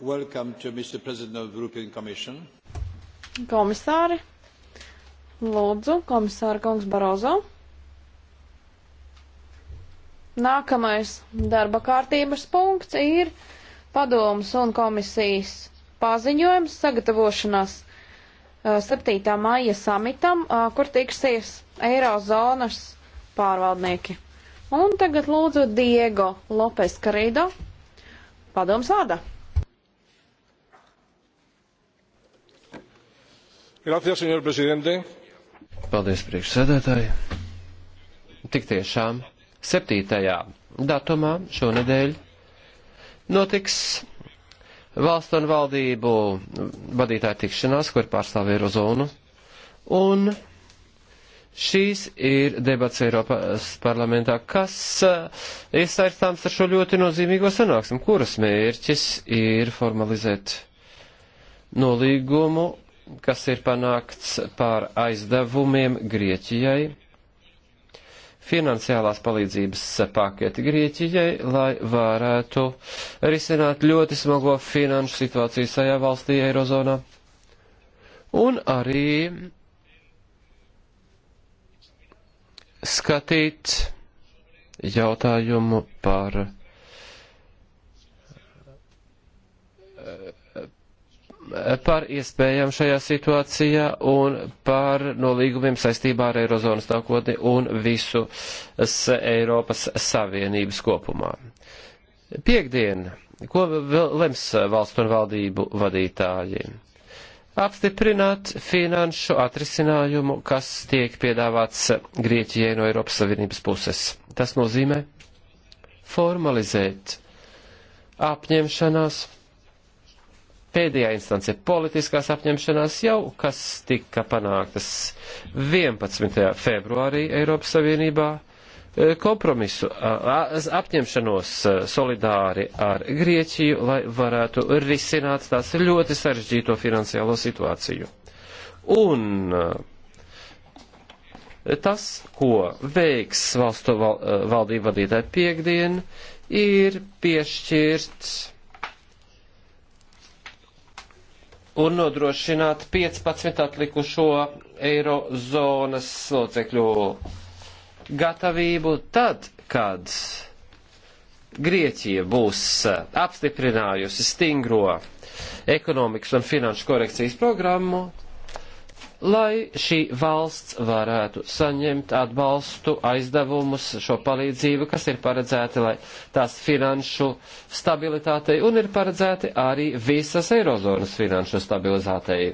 Welcome to Mr. President of European Commission. Komisāri, lūdzu, komisāra kungs Barozo. Nākamais darba kārtības punkts ir padomas un komisijas paziņojums sagatavošanās 7. maija samitam, kur tiksies Eirozonas pārvaldnieki. Un tagad lūdzu Diego Lopes Karido padoms vārdā. Gracias, senor presidente. Paldies, priekšsēdētāji. Tik tiešām 7. datumā šonedēļ notiks valstu un valdību vadītāju tikšanās, kur pārstāv Eirozonu. Un šīs ir debats Eiropas parlamentā, kas ir saistāms ar šo ļoti nozīmīgo sanāksmu, kuras mērķis ir formalizēt nolīgumu kas ir panākts pār aizdevumiem Grieķijai, finansiālās palīdzības paketi Grieķijai, lai varētu risināt ļoti smago finanšu situāciju šajā valstī, Eirozonā. Un arī skatīt jautājumu par par iespējām šajā situācijā un par nolīgumiem saistībā ar Eirozonas nākotni un visu Eiropas Savienības kopumā. Piektdien, ko vēl lems valstu un valdību vadītāji? Apstiprināt finanšu atrisinājumu, kas tiek piedāvāts Grieķijai no Eiropas Savienības puses. Tas nozīmē formalizēt apņemšanās pēdējā instance politiskās apņemšanās jau, kas tika panāktas 11. februārī Eiropas Savienībā, e, kompromisu apņemšanos e, solidāri ar Grieķiju, lai varētu risināt tās ļoti sarežģīto finansiālo situāciju. Un tas, ko veiks valstu val, valdību vadītāji piekdien, ir piešķirts un nodrošināt 15 atlikušo eirozonas locekļu gatavību tad, kad Grieķija būs apstiprinājusi stingro ekonomikas un finanšu korekcijas programmu, lai šī valsts varētu saņemt atbalstu, aizdevumus, šo palīdzību, kas ir paredzēti, lai tās finanšu stabilitātei un ir paredzēti arī visas eirozonas finanšu stabilizātei.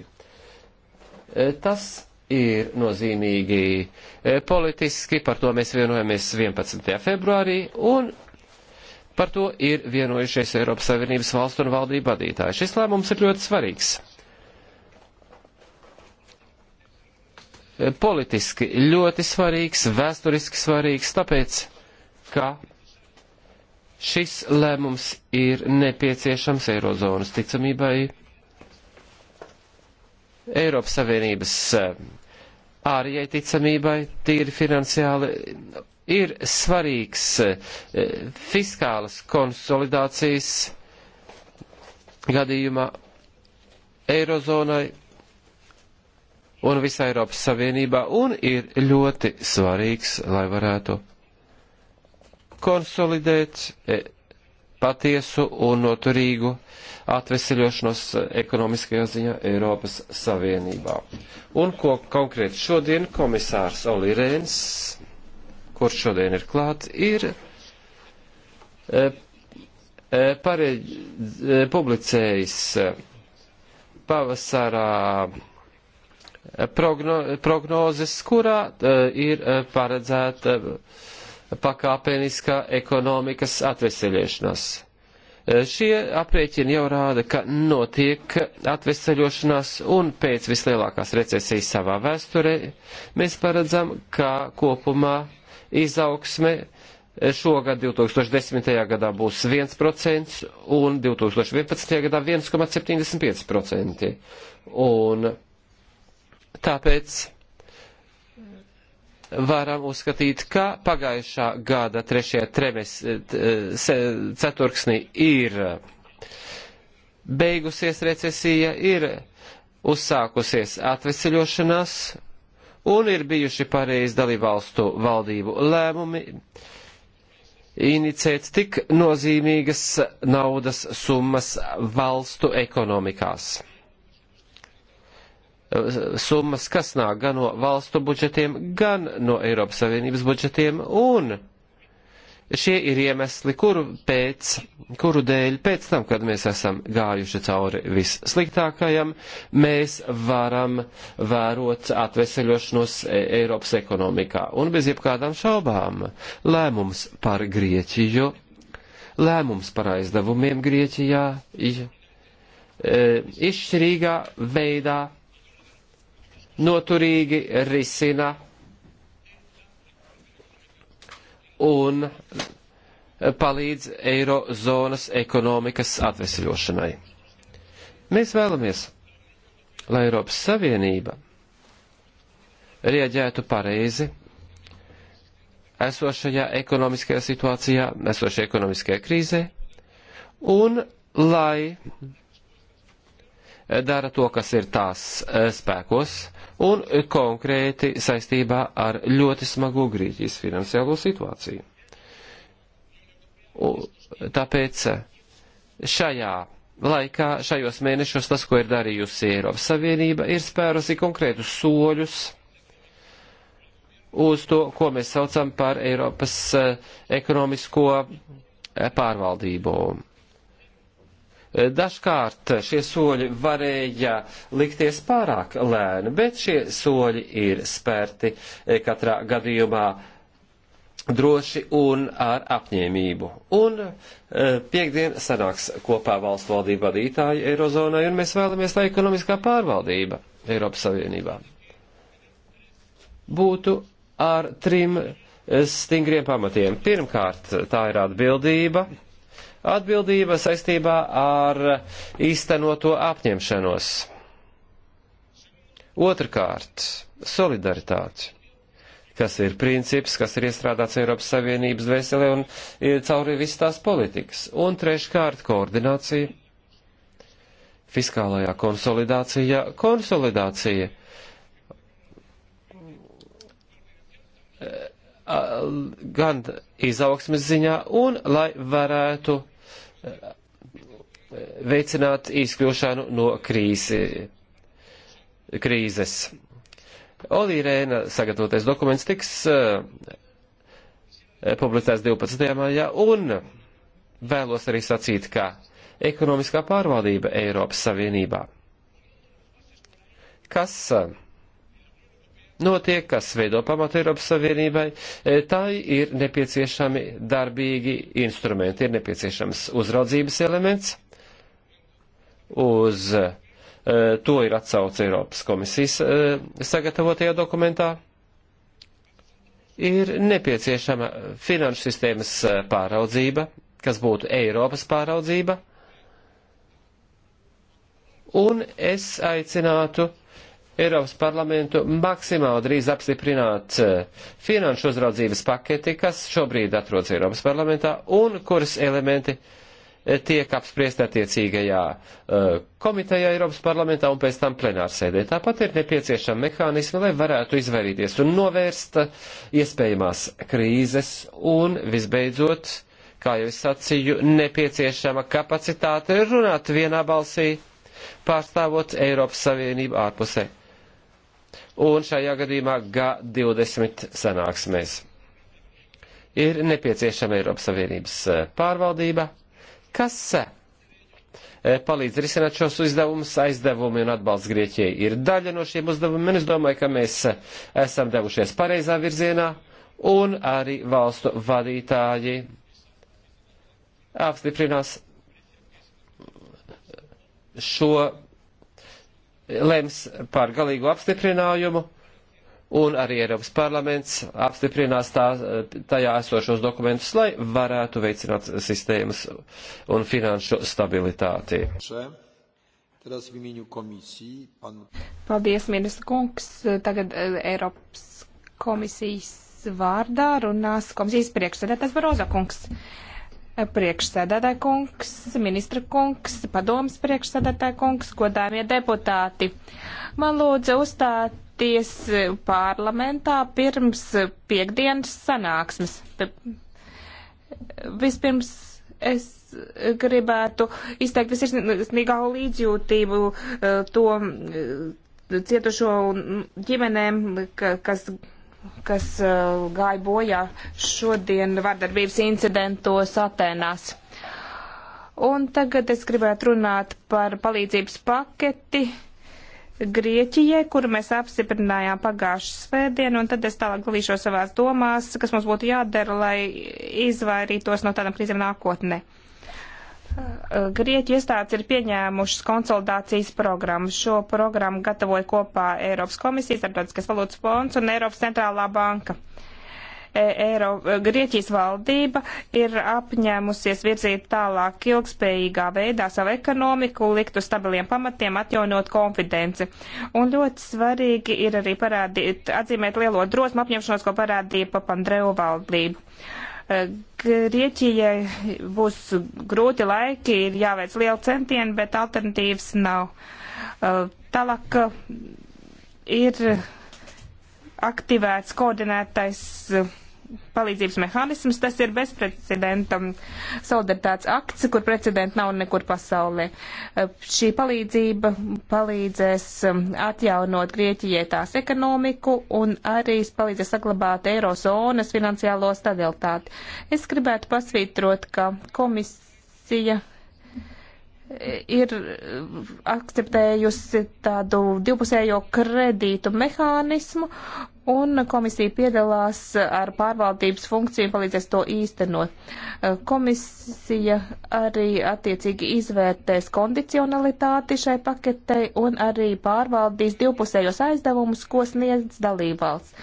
E, tas ir nozīmīgi e, politiski, par to mēs vienojamies 11. februārī un par to ir vienojušies Eiropas Savienības valstu un valdību vadītāji. Šis lēmums ir ļoti svarīgs politiski ļoti svarīgs, vēsturiski svarīgs, tāpēc, ka šis lēmums ir nepieciešams Eirozonas ticamībai Eiropas Savienības eh, ārējai ticamībai, tīri finansiāli, ir svarīgs eh, fiskālas konsolidācijas gadījumā Eirozonai un visā Eiropas Savienībā, un ir ļoti svarīgs, lai varētu konsolidēt e, patiesu un noturīgu atveseļošanos ekonomiskajā ziņā Eiropas Savienībā. Un ko konkrēti šodien komisārs Oli Rēns, kurš šodien ir klāt, ir e, e pareģ, e, publicējis pavasarā progno, prognozes, kurā eh, ir eh, paredzēta pakāpeniskā ekonomikas atveseļošanās. Eh, šie aprēķini jau rāda, ka notiek atveseļošanās un pēc vislielākās recesijas savā vēsturē mēs paredzam, ka kopumā izaugsme šogad 2010. gadā būs 1% un 2011. gadā 1,75%. Un Tāpēc varam uzskatīt, ka pagājušā gada trešajā tremes ceturksnī ir beigusies recesija, ir uzsākusies atveseļošanās un ir bijuši pareizi dalībvalstu valdību lēmumi inicēt tik nozīmīgas naudas summas valstu ekonomikās summas, kas nāk gan no valstu budžetiem, gan no Eiropas Savienības budžetiem, un šie ir iemesli, kuru, pēc, kuru dēļ pēc tam, kad mēs esam gājuši cauri vissliktākajam, mēs varam vērot atveseļošanos e- Eiropas ekonomikā. Un bez jebkādām šaubām lēmums par Grieķiju, lēmums par aizdevumiem Grieķijā, e, izšķirīgā veidā noturīgi risina un palīdz eirozonas ekonomikas atvesļošanai. Mēs vēlamies, lai Eiropas Savienība rieģētu pareizi esošajā ekonomiskajā situācijā, esošajā ekonomiskajā krīzē, un lai dara to, kas ir tās eh, spēkos, un konkrēti saistībā ar ļoti smago Grieķijas finansiālo situāciju. Un, tāpēc eh, šajā laikā, šajos mēnešos, tas, ko ir darījusi Eiropas Savienība, ir spērusi konkrētus soļus uz to, ko mēs saucam par Eiropas eh, ekonomisko pārvaldību Eh, dažkārt šie soļi varēja likties pārāk lēni, bet šie soļi ir spērti eh, katrā gadījumā droši un ar apņēmību. Un e, piekdien sanāks kopā valstu valdību vadītāji Eirozonai, un mēs vēlamies, lai ekonomiskā pārvaldība Eiropas Savienībā būtu ar trim stingriem pamatiem. Pirmkārt, tā ir atbildība atbildība saistībā ar īstenoto apņemšanos. Otrkārt, solidaritāte, kas ir princips, kas ir iestrādāts Eiropas Savienības dvēselē un e, cauri visu tās politikas. Un treškārt, koordinācija, fiskālajā konsolidācijā, konsolidācija. E, gan izaugsmes ziņā, un lai varētu veicināt izkļūšanu no krīzi, krīzes. Olīrēna sagatavotais dokuments tiks eh, publicēts 12. maijā un vēlos arī sacīt, ka ekonomiskā pārvaldība Eiropas Savienībā, kas eh, notiek, kas veido pamatu Eiropas Savienībai, e, tai ir nepieciešami darbīgi instrumenti, ir nepieciešams uzraudzības elements uz e, to ir atsauce Eiropas komisijas e, sagatavotajā dokumentā. Ir nepieciešama finanšu sistēmas pāraudzība, kas būtu Eiropas pāraudzība, un es aicinātu Eiropas parlamentu maksimāli drīz apstiprināt eh, finanšu uzraudzības paketi, kas šobrīd atrodas Eiropas parlamentā un kuras elementi eh, tiek apspriest attiecīgajā eh, komitejā Eiropas parlamentā un pēc tam plenārsēdē. Tāpat ir nepieciešama mehānismi, lai varētu izvairīties un novērst iespējamās krīzes un visbeidzot, kā jau es sacīju, nepieciešama kapacitāte runāt vienā balsī, pārstāvot Eiropas Savienību ārpusē un šajā gadījumā G20 sanāksmēs. Ir nepieciešama Eiropas Savienības eh, pārvaldība, kas eh, palīdz risināt šos uzdevumus. Aizdevumi un atbalsts Grieķijai ir daļa no šiem uzdevumiem, un es domāju, ka mēs eh, esam devušies pareizā virzienā, un arī valstu vadītāji apstiprinās šo lems par galīgu apstiprinājumu, un arī Eiropas parlaments apstiprinās tā, tajā esošos dokumentus, lai varētu veicināt sistēmas un finanšu stabilitāti. Paldies, ministrs kungs. Tagad eh, Eiropas komisijas vārdā runās komisijas priekšsēdētājs Barozo kungs. Priekšsēdētāja kungs, ministra kungs, padomas priekšsēdētāja kungs, godāmie deputāti. Man lūdza uzstāties parlamentā pirms piekdienas sanāksmes. Vispirms es gribētu izteikt visirsnīgāko līdzjūtību eh, to eh, cietušo ģimenēm, kas kas uh, gāja bojā šodien vardarbības incidentos Atenās. Un tagad es gribētu runāt par palīdzības paketi Grieķijai, kuru mēs apstiprinājām pagājušas svētdien, un tad es tālāk dalīšos savās domās, kas mums būtu jādara, lai izvairītos no tādām krīzēm nākotnē. Eh, Grieķu iestādes ir pieņēmušas konsolidācijas programmu. Šo programmu gatavoja kopā Eiropas komisija, Starptautiskais valūtas fonds un Eiropas centrālā banka. Eh, Eiro, eh, Grieķijas valdība ir apņēmusies virzīt tālāk ilgspējīgā veidā savu ekonomiku, likt uz stabiliem pamatiem, atjaunot konfidenci. Un ļoti svarīgi ir arī parādīt, atzīmēt lielo drosmu apņemšanos, ko parādīja Papandreu valdību. Uh, Grieķijai būs grūti laiki, ir jāveic liela centieni, bet alternatīvas nav. Tālāk ir aktivēts koordinētais palīdzības mehānisms, tas ir bezprecedentam solidaritātes akts, kur precedenta nav nekur pasaulē. Eh, šī palīdzība palīdzēs eh, atjaunot Grieķijai tās ekonomiku un arī palīdzēs saglabāt eirozonas finansiālo stabilitāti. Es gribētu pasvītrot, ka komisija eh, ir akceptējusi tādu divpusējo kredītu mehānismu, un komisija piedalās ar pārvaldības funkciju un palīdzēs to īstenot. Komisija arī attiecīgi izvērtēs kondicionalitāti šai paketei un arī pārvaldīs divpusējos aizdevumus, ko sniedz dalībvalsts.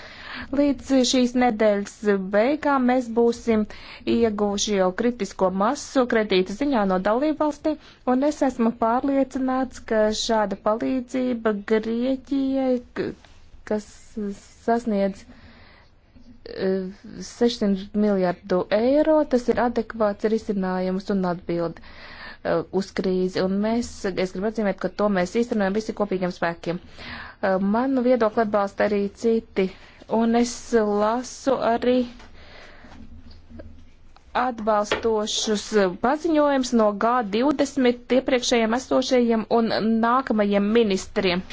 Līdz šīs nedēļas beigām mēs būsim ieguvuši jau kritisko masu kredīta ziņā no dalībvalstī, un es esmu pārliecināts, ka šāda palīdzība Grieķijai, kas sasniedz 600 eh, miljardu eiro. Tas ir adekvāts risinājums un atbildi eh, uz krīzi. Un mēs, es gribu atzīmēt, ka to mēs īstenojam visi kopīgiem spēkiem. Eh, manu viedokli atbalsta arī citi. Un es lasu arī atbalstošus paziņojums no G20 iepriekšējiem esošajiem un nākamajiem ministriem.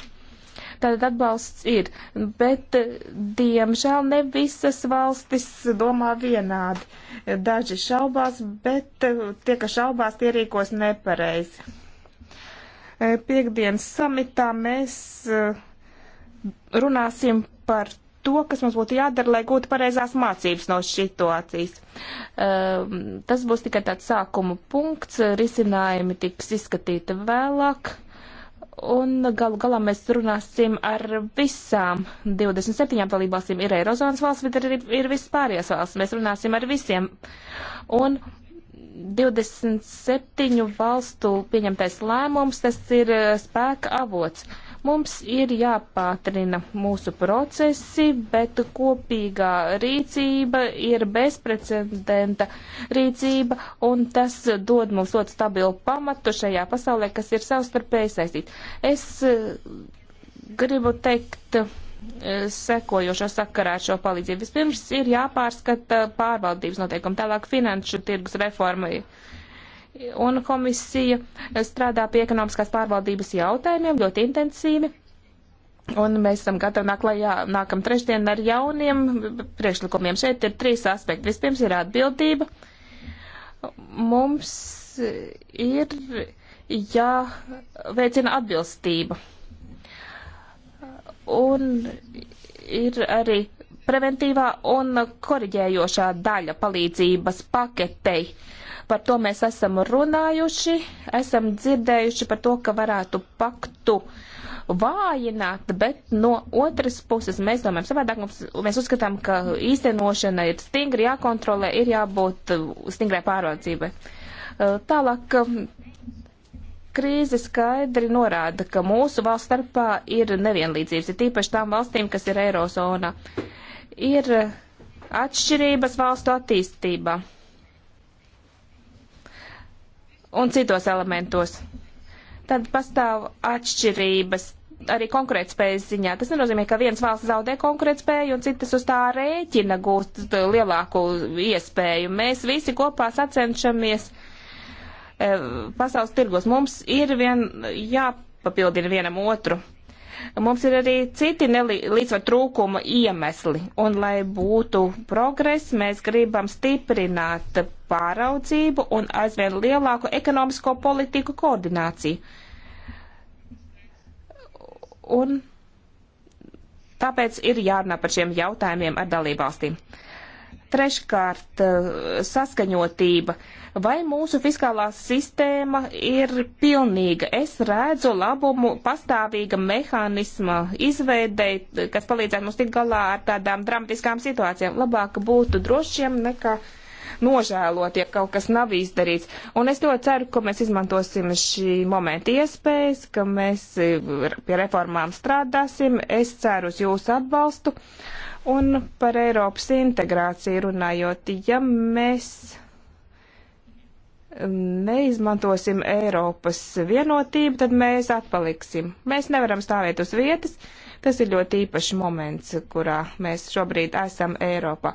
Tātad atbalsts ir, bet eh, diemžēl ne visas valstis domā vienādi. Daži šaubās, bet eh, tie, kas šaubās, tie rīkos nepareizi. Eh, Piektdienas samitā mēs runāsim par to, kas mums būtu jādara, lai gūtu pareizās mācības no situācijas. Um, tas būs tikai tāds sākuma punkts, risinājumi tiks izskatīti vēlāk. Un galu galā mēs runāsim ar visām 27 dalībvalstīm. Ir Eirozonas valsts, bet ir, ir visas pārējās valsts. Mēs runāsim ar visiem. Un 27 valstu pieņemtais lēmums, tas ir eh, spēka avots. Uh, Mums ir jāpātrina mūsu procesi, bet kopīgā rīcība ir bezprecedenta rīcība, un tas dod mums ļoti stabilu pamatu šajā pasaulē, kas ir savstarpēji saistīts. Es eh, gribu teikt eh, sekojošo sakarā ar šo palīdzību. Vispirms ir jāpārskata pārvaldības noteikumi, tālāk finanšu tirgus reforma un komisija strādā pie ekonomiskās pārvaldības jautājumiem ļoti intensīvi. Un mēs esam gatavi nākt klajā nākam trešdien ar jauniem priekšlikumiem. Šeit ir trīs aspekti. Vispirms ir atbildība. Mums ir jāveicina atbilstība. Un ir arī preventīvā un koriģējošā daļa palīdzības paketei. Uh, Par to mēs esam runājuši, esam dzirdējuši par to, ka varētu paktu vājināt, bet no otras puses mēs domājam savādāk. Mums, mēs uzskatām, ka īstenošana ir stingri jākontrolē, ir jābūt stingrai pārvaldzībai. Tālāk um, krīze skaidri norāda, ka mūsu valsts starpā ir nevienlīdzības, ir tīpaši tām valstīm, kas ir Eirozonā. Ir atšķirības valstu attīstībā un citos elementos. Tad pastāv atšķirības arī konkurētspējas ziņā. Tas nenozīmē, ka viens valsts zaudē konkurētspēju un citas uz tā rēķina gūst lielāku iespēju. Mēs visi kopā sacenšamies e, pasaules tirgos. Mums ir vien jāpapildina vienam otru. Mums ir arī citi līdzsvar trūkuma iemesli, un lai būtu progress, mēs gribam stiprināt pāraudzību un aizvien lielāku ekonomisko politiku koordināciju. Un tāpēc ir jārunā par šiem jautājumiem ar dalībvalstīm. Treškārt, eh, saskaņotība. Vai mūsu fiskālā sistēma ir pilnīga? Es redzu labumu pastāvīga mehānisma izveidei, kas palīdzētu mums tikt galā ar tādām dramatiskām situācijām. Labāk būtu drošiem nekā. Uh, nožēlot, ja kaut kas nav izdarīts. Un es ļoti ceru, ka mēs izmantosim šī momenta iespējas, ka mēs e, pie reformām strādāsim. Es ceru uz jūsu atbalstu. Un par Eiropas integrāciju runājot, ja mēs neizmantosim Eiropas vienotību, tad mēs atpaliksim. Mēs nevaram stāvēt uz vietas. Uh, Tas ir ļoti īpašs moments, kurā mēs šobrīd esam Eiropā.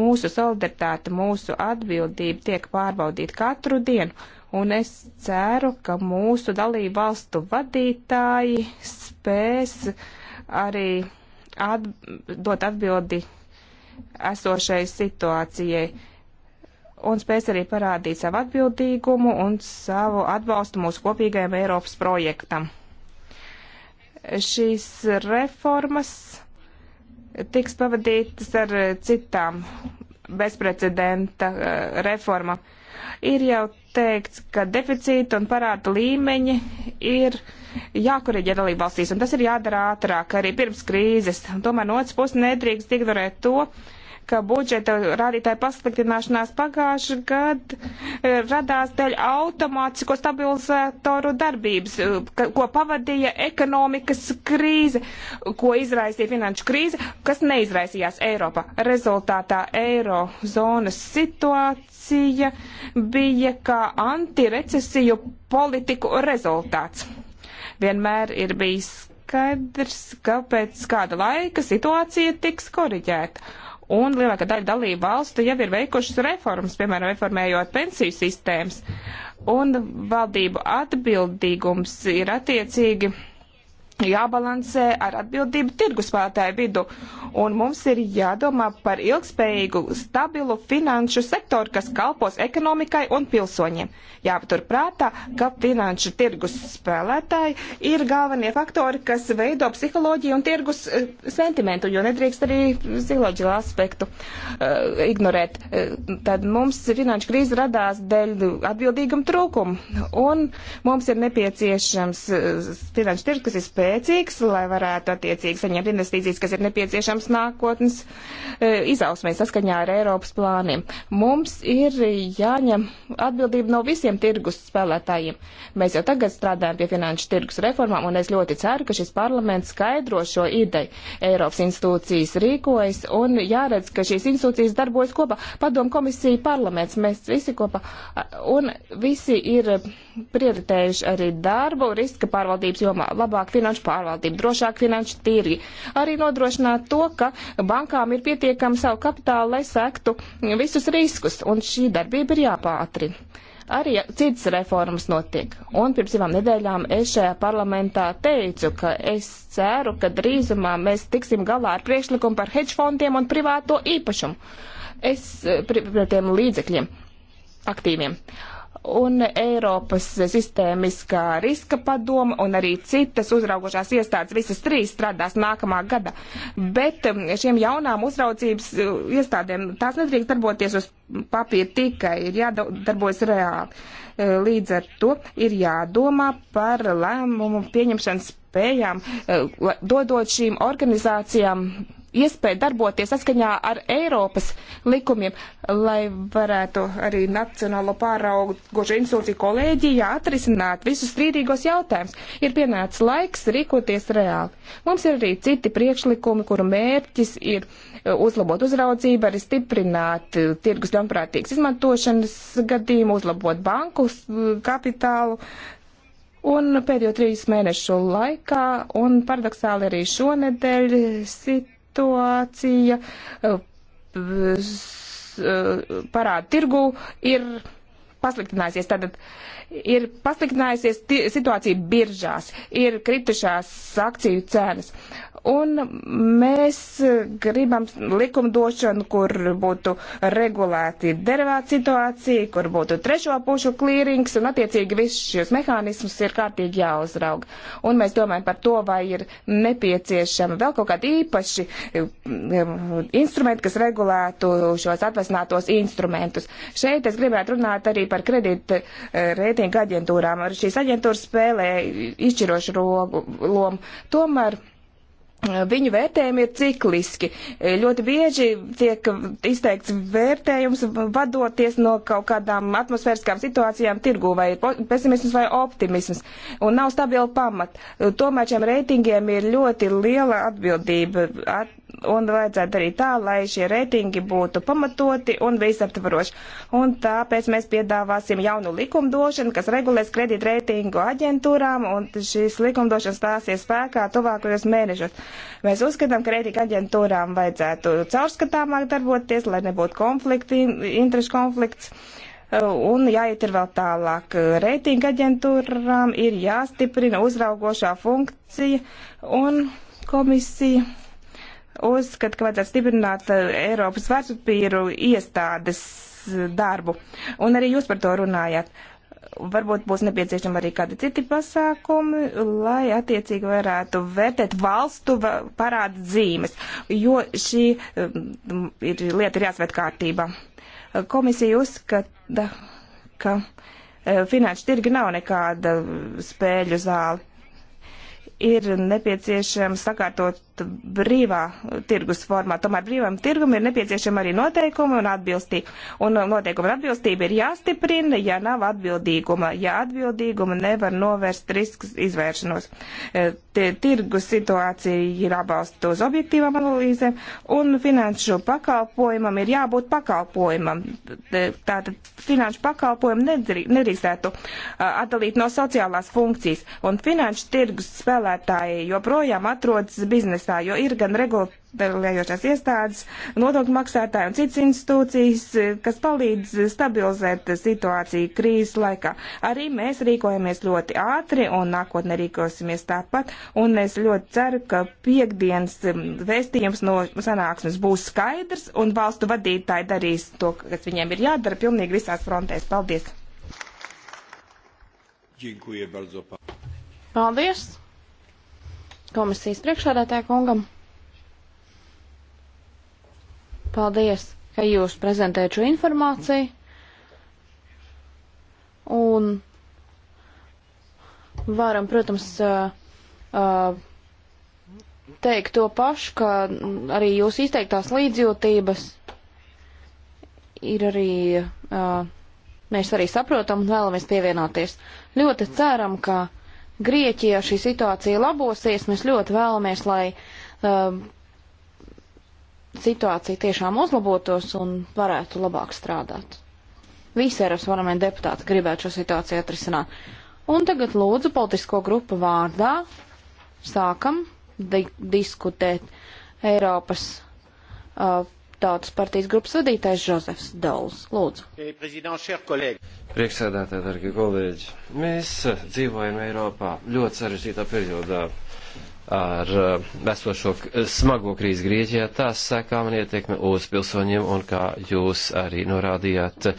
Mūsu solidaritāte, mūsu atbildība tiek pārbaudīta katru dienu, un es ceru, ka mūsu dalību valstu vadītāji spēs arī at, dot atbildi esošai situācijai un spēs arī parādīt savu atbildīgumu un savu atbalstu mūsu kopīgajam Eiropas projektam šīs reformas tiks pavadītas ar citām bezprecedenta eh, reformām. Ir jau teikts, ka deficīta un parāda līmeņi ir jākoriģē dalībvalstīs, un tas ir jādara ātrāk, arī pirms krīzes. Un tomēr no otras puses nedrīkst ignorēt to, uh, ka budžeta rādītāja pasliktināšanās pagājuši gad e, radās dēļ automātisko stabilizatoru darbības, e, ko pavadīja ekonomikas krīze, ko izraisīja finanšu krīze, kas neizraisījās Eiropā. Rezultātā eirozonas situācija bija kā antirecesiju politiku rezultāts. Vienmēr ir bijis skaidrs, ka pēc kāda laika situācija tiks koriģēta un lielākā daļa dalību valstu jau ir veikušas reformas, piemēram, reformējot pensiju sistēmas, un valdību atbildīgums ir attiecīgi jābalansē ar atbildību tirguspētāju vidu, un mums ir jādomā par ilgspējīgu, stabilu finanšu sektoru, kas kalpos ekonomikai un pilsoņiem. Jāpatur prātā, ka finanšu tirgus spēlētāji ir galvenie faktori, kas veido psiholoģiju un tirgus eh, sentimentu, jo nedrīkst arī psiholoģiju aspektu uh, ignorēt. Uh, tad mums finanšu krīze radās dēļ atbildīgam trūkumu, un mums ir nepieciešams uh, finanšu tirgus, kas ir spējīgs spēcīgs, lai varētu attiecīgi saņemt investīcijas, kas ir nepieciešams nākotnes e, izausmē saskaņā ar Eiropas plāniem. Mums ir jāņem atbildība no visiem tirgus spēlētājiem. Mēs jau tagad strādājam pie finanšu tirgus reformām, un es ļoti ceru, ka šis parlaments skaidro šo ideju. Eiropas institūcijas rīkojas, un jāredz, ka šīs institūcijas darbojas kopā. Padomu komisija, parlaments, mēs visi kopā, un visi ir prioritējuši arī darbu riska pārvaldības jomā, labāk finanšu finanšu pārvaldību, drošāku finanšu tirgi. Arī nodrošināt to, ka bankām ir pietiekami savu kapitālu, lai sektu visus riskus, un šī darbība ir jāpātrina. Arī citas reformas notiek. Un pirms divām nedēļām es šajā parlamentā teicu, ka es ceru, ka drīzumā mēs tiksim galā ar priekšlikumu par hedžfondiem un privāto īpašumu. Es, pret tiem līdzekļiem, aktīviem. Uh, un Eiropas sistēmiskā riska padoma un arī citas uzraugošās iestādes, visas trīs strādās nākamā gada. Bet um, šiem jaunām uzraudzības uh, iestādēm tās nedrīkst darboties uz papīra tikai, ir jādarbojas reāli. Uh, līdz ar to ir jādomā par lēmumu pieņemšanas spējām, uh, dodot šīm organizācijām iespēja darboties saskaņā ar Eiropas likumiem, lai varētu arī Nacionālo pāraugošo institūciju kolēģijā atrisināt visus strīdīgos jautājumus. Ir pienācis laiks rīkoties reāli. Mums ir arī citi priekšlikumi, kuru mērķis ir uh, uzlabot uzraudzību, arī stiprināt uh, tirgus ļaunprātīgas izmantošanas gadījumu, uzlabot banku uh, kapitālu. Un pēdējo trīs mēnešu laikā, un paradoxāli arī šonedēļ, sit situācija eh, eh, parāda tirgu ir pasliktinājusies. Tātad ir pasliktinājusies situācija biržās, ir kritušās akciju cenas. Un mēs gribam likumdošanu, kur būtu regulēti derivāta situācija, kur būtu trešo pušu klīrings, un attiecīgi visus šos mehānismus ir kārtīgi jāuzrauga. Un mēs domājam par to, vai ir nepieciešama vēl kaut kādi īpaši um, instrumenti, kas regulētu šos atvesinātos instrumentus. Šeit es gribētu runāt arī par kredīta reitingu uh, reitinga aģentūrām. Arī šīs aģentūras spēlē izšķirošu lomu. Tomēr eh, viņu vērtējumi ir cikliski. Eh, ļoti bieži tiek izteikts vērtējums vadoties no kaut kādām atmosfēriskām situācijām tirgu, vai ir pesimisms vai optimisms, un nav stabila pamata. Eh, tomēr šiem reitingiem ir ļoti liela atbildība at un vajadzētu arī tā, lai šie reitingi būtu pamatoti un visaptvaroši. Un tāpēc mēs piedāvāsim jaunu likumdošanu, kas regulēs kredīt reitingu aģentūrām, un šīs likumdošanas stāsies spēkā tuvākajos mēnešos. Mēs uzskatām, ka reitingu aģentūrām vajadzētu caurskatāmāk darboties, lai nebūtu konflikti, interešu konflikts. Un jāiet ir vēl tālāk. Reitinga aģentūrām ir jāstiprina uzraugošā funkcija un komisija uzskata, ka vajadzētu stiprināt eh, Eiropas vērtspapīru iestādes eh, darbu. Un arī jūs par to runājāt. Varbūt būs nepieciešama arī kādi citi pasākumi, lai attiecīgi varētu vērtēt valstu parādu zīmes, jo šī eh, ir, lieta ir jāsvērt kārtībā. Komisija uzskata, ka finanšu tirgi nav nekāda spēļu zāle ir nepieciešams sakārtot brīvā tirgus formā. Tomēr brīvam tirgum ir nepieciešama arī noteikumi un atbilstība. Un noteikuma atbilstība ir jāstiprina, ja nav atbildīguma. Ja atbildīguma nevar novērst risks izvēršanos. E, tirgus situācija ir atbalsta uz objektīvām analīzēm un finanšu pakalpojumam ir jābūt pakalpojumam. E, tātad finanšu pakalpojumu nedrīkstētu e, atdalīt no sociālās funkcijas. Un finanšu tirgus spēlē novērotāji joprojām atrodas biznesā, jo ir gan regulējošās iestādes, nodokļu maksātāji un citas institūcijas, kas palīdz stabilizēt situāciju krīzes laikā. Arī mēs rīkojamies ļoti ātri un nākotnē rīkosimies tāpat, un es ļoti ceru, ka piekdienas um, vēstījums no sanāksmes būs skaidrs, un valstu vadītāji darīs to, kas viņiem ir jādara pilnīgi visās frontēs. Paldies! Dziękuję bardzo. Paldies! komisijas priekšādātāja kungam. Paldies, ka jūs prezentējat šo informāciju. Un varam, protams, uh, uh, teikt to pašu, ka arī jūs izteiktās līdzjūtības ir arī, uh, mēs arī saprotam un vēlamies pievienoties. Ļoti ceram, ka Grieķijā šī situācija labosies. Mēs ļoti vēlamies, lai um, situācija tiešām uzlabotos un varētu labāk strādāt. Visi Eiropas parlamenta deputāti gribētu šo situāciju atrisināt. Un tagad lūdzu politisko grupu vārdā sākam di diskutēt Eiropas uh, Tautas partijas grupas vadītājs Žozefs Dauls. Lūdzu. Eh, Priekšsēdētāji, dargi kolēģi, mēs eh, dzīvojam Eiropā ļoti sarežģītā periodā ar vesošo eh, smago krīzi Grieķijā. Tās sekām un ietekme uz pilsoņiem un, kā jūs arī norādījāt,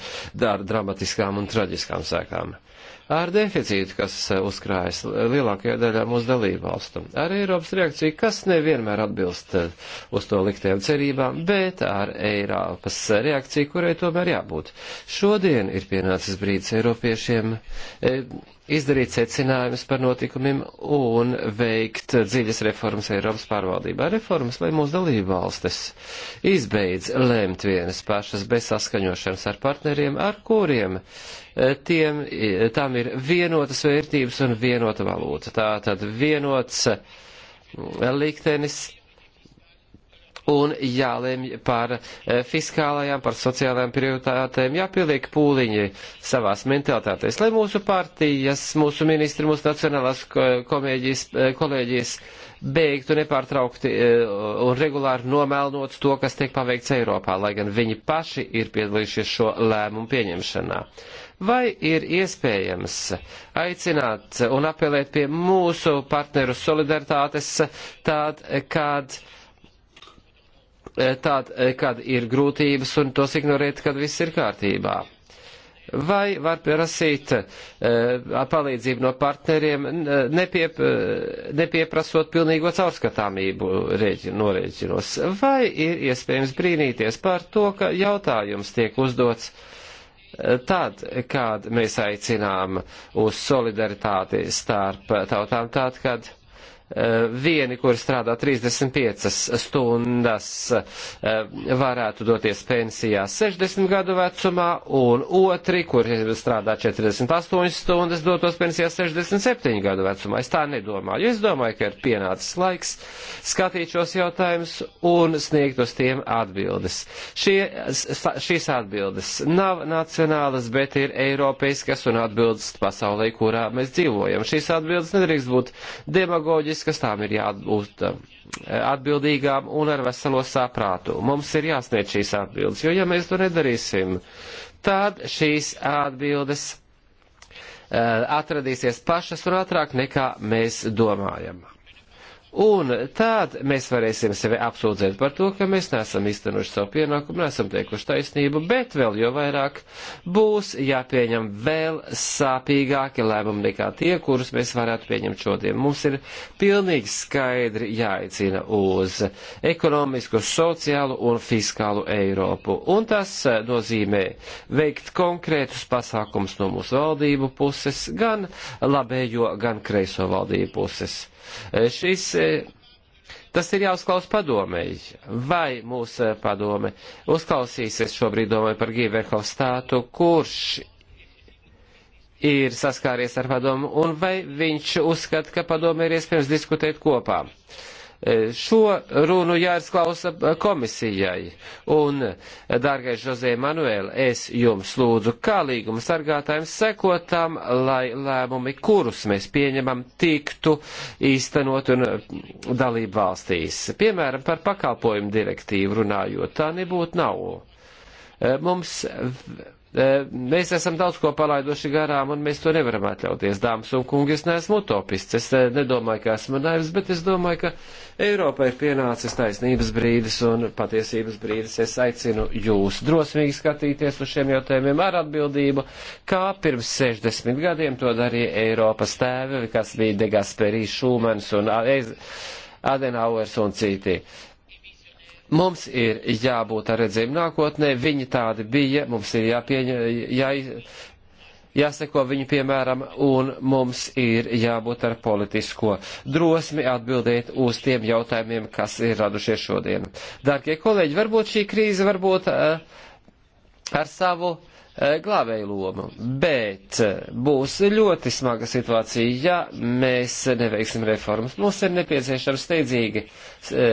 dar dramatiskām un traģiskām sekām. Uh, ar deficītu, kas eh, uzkrājas lielākajā daļā mūsu dalībvalstu, ar Eiropas reakciju, kas nevienmēr atbilst eh, uz to liktiem cerībām, bet ar Eiropas reakciju, kurai tomēr jābūt. Šodien ir pienācis brīdis Eiropiešiem. E, izdarīt secinājumus par notikumiem un veikt dziļas reformas Eiropas pārvaldībā. Reformas, lai mūsu dalībvalstis izbeidz lēmt vienas pašas bez saskaņošanas ar partneriem, ar kuriem eh, tiem, eh, tam ir vienotas vērtības un vienota valūta. Tātad vienots mm, liktenis un jālemj par eh, fiskālajām, par sociālajām prioritātēm, jāpieliek pūliņi savās mentalitātēs, lai mūsu partijas, mūsu ministri, mūsu nacionālās komēģijas, eh, kolēģijas beigtu nepārtraukti eh, un regulāri nomēlnot to, kas tiek paveikts Eiropā, lai gan viņi paši ir piedalījušies šo lēmumu pieņemšanā. Vai ir iespējams aicināt un apelēt pie mūsu partneru solidaritātes tād, kad uh, Eh, tad, eh, kad ir grūtības un tos ignorēt, kad viss ir kārtībā. Vai var prasīt uh, palīdzību no partneriem, nepiep, nepieprasot pilnīgo caurskatāmību rēģi, no rēģinos? Vai ir iespējams brīnīties par to, ka jautājums tiek uzdots uh, tad, kad mēs aicinām uz solidaritāti starp tautām, tad, kad Eh, vieni, kuri strādā 35 stundas, eh, varētu doties pensijā 60 gadu vecumā, un otri, kuri strādā 48 stundas, dotos pensijā 67 gadu vecumā. Es tā nedomāju. Es domāju, ka ir pienācis laiks skatīt šos jautājumus un sniegt uz tiem atbildes. Šie, šīs atbildes nav nacionālas, bet ir eiropeiskas un atbildes pasaulē, kurā mēs dzīvojam. Šīs atbildes nedrīkst būt demagoģiskas politikas, kas tām ir jābūt um, atbildīgām un ar veselo saprātu. Mums ir jāsniedz šīs atbildes, jo ja mēs to nedarīsim, tad šīs atbildes uh, atradīsies pašas un ātrāk nekā mēs domājam. Un tad mēs varēsim sevi apsūdzēt par to, ka mēs neesam iztenoši savu pienākumu, neesam teikuši taisnību, bet vēl jo vairāk būs jāpieņem vēl sāpīgāki lēmumi nekā tie, kurus mēs varētu pieņemt šodien. Mums ir pilnīgi skaidri jāicina uz ekonomisku, sociālu un fiskālu Eiropu. Un tas eh, nozīmē veikt konkrētus pasākums no mūsu valdību puses, gan labējo, gan kreiso valdību puses Eh, šis, eh, tas ir jāuzklaus padomēji. Vai mūs eh, padome uzklausīsies šobrīd domāju par Gīverhofstātu, kurš ir saskāries ar padomu, un vai viņš uzskata, ka padome ir iespējams diskutēt kopā. Uh, Šo runu jāizklausa komisijai. Un, dārgais Žozē Manuēl, es jums lūdzu, kā līguma sargātājiem sekotam, lai lēmumi, kurus mēs pieņemam, tiktu īstenot un mm, dalību valstīs. Piemēram, par pakalpojumu direktīvu runājot, tā nebūtu nav. Mums Eh, mēs esam daudz ko palaiduši garām, un mēs to nevaram atļauties. Dāmas un kungi, es neesmu utopists, es eh, nedomāju, ka esmu naivs, bet es domāju, ka Eiropai ir pienācis taisnības brīdis un patiesības brīdis. Es aicinu jūs drosmīgi skatīties uz šiem jautājumiem ar atbildību, kā pirms 60 gadiem to darīja Eiropas tēvi, kas bija Degasperī, Šūmens un Adenauers un citi. Uh, Mums ir jābūt ar redzējumu nākotnē, viņi tādi bija, mums ir jāpieņa, jā, jāseko viņu piemēram, un mums ir jābūt ar politisko drosmi atbildēt uz tiem jautājumiem, kas ir radušies šodien. Dārgie kolēģi, varbūt šī krīze varbūt eh, ar savu E, glābēju lomu, bet e, būs ļoti smaga situācija, ja mēs neveiksim reformas. Mums ir nepieciešama steidzīgi, e,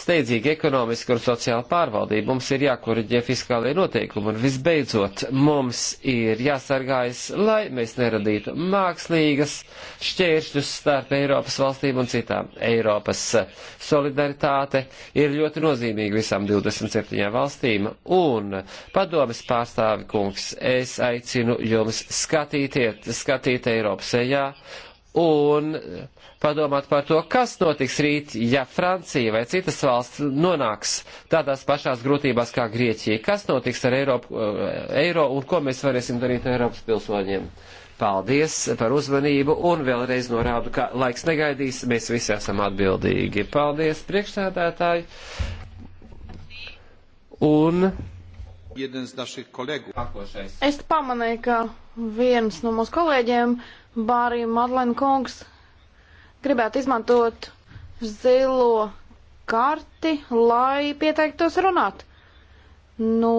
steidzīgi ekonomiska un sociāla pārvaldība. Mums ir jākoriģē fiskālie noteikumi un visbeidzot mums ir jāsargājas, lai mēs neradītu mākslīgas šķēršļus starp Eiropas valstīm un citām. Eiropas solidaritāte ir ļoti nozīmīga visām 27 valstīm un padomis pārstāvi kungs kungs, es aicinu jums skatīties, skatīt Eiropas ejā un padomāt par to, kas notiks rīt, ja Francija vai citas valsts nonāks tādās pašās grūtībās kā Grieķija. Kas notiks ar Eiropu, eh, Eiro un ko mēs varēsim darīt Eiropas pilsoņiem? Paldies par uzmanību un vēlreiz norādu, ka laiks negaidīs, mēs visi esam atbildīgi. Paldies, priekšstādātāji! Un Es pamanīju, ka viens no mūsu kolēģiem, Bārī Madlen kungs, gribētu izmantot zilo karti, lai pieteiktos runāt. Nu,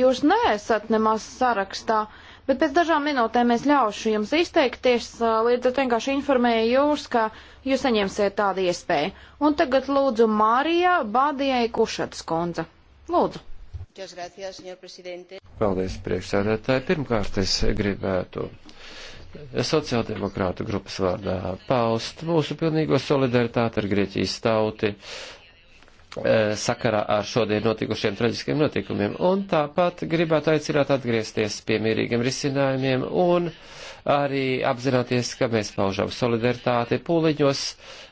jūs neesat nemaz sarakstā, bet pēc dažām minūtēm es ļaušu jums izteikties, līdz ar vienkārši informēju jūs, ka jūs saņemsiet tādu iespēju. Un tagad lūdzu Mārija Bādijai Kušats kundze. Lūdzu. Paldies, priekšsēdētāji. Pirmkārt, es gribētu sociāldemokrātu grupas vārdā paust mūsu pilnīgo solidaritāti ar Grieķijas tauti eh, sakarā ar šodien notikušiem traģiskiem notikumiem. Un tāpat gribētu aicināt atgriezties pie mierīgiem risinājumiem un arī apzināties, ka mēs paužam solidaritāti pūliņos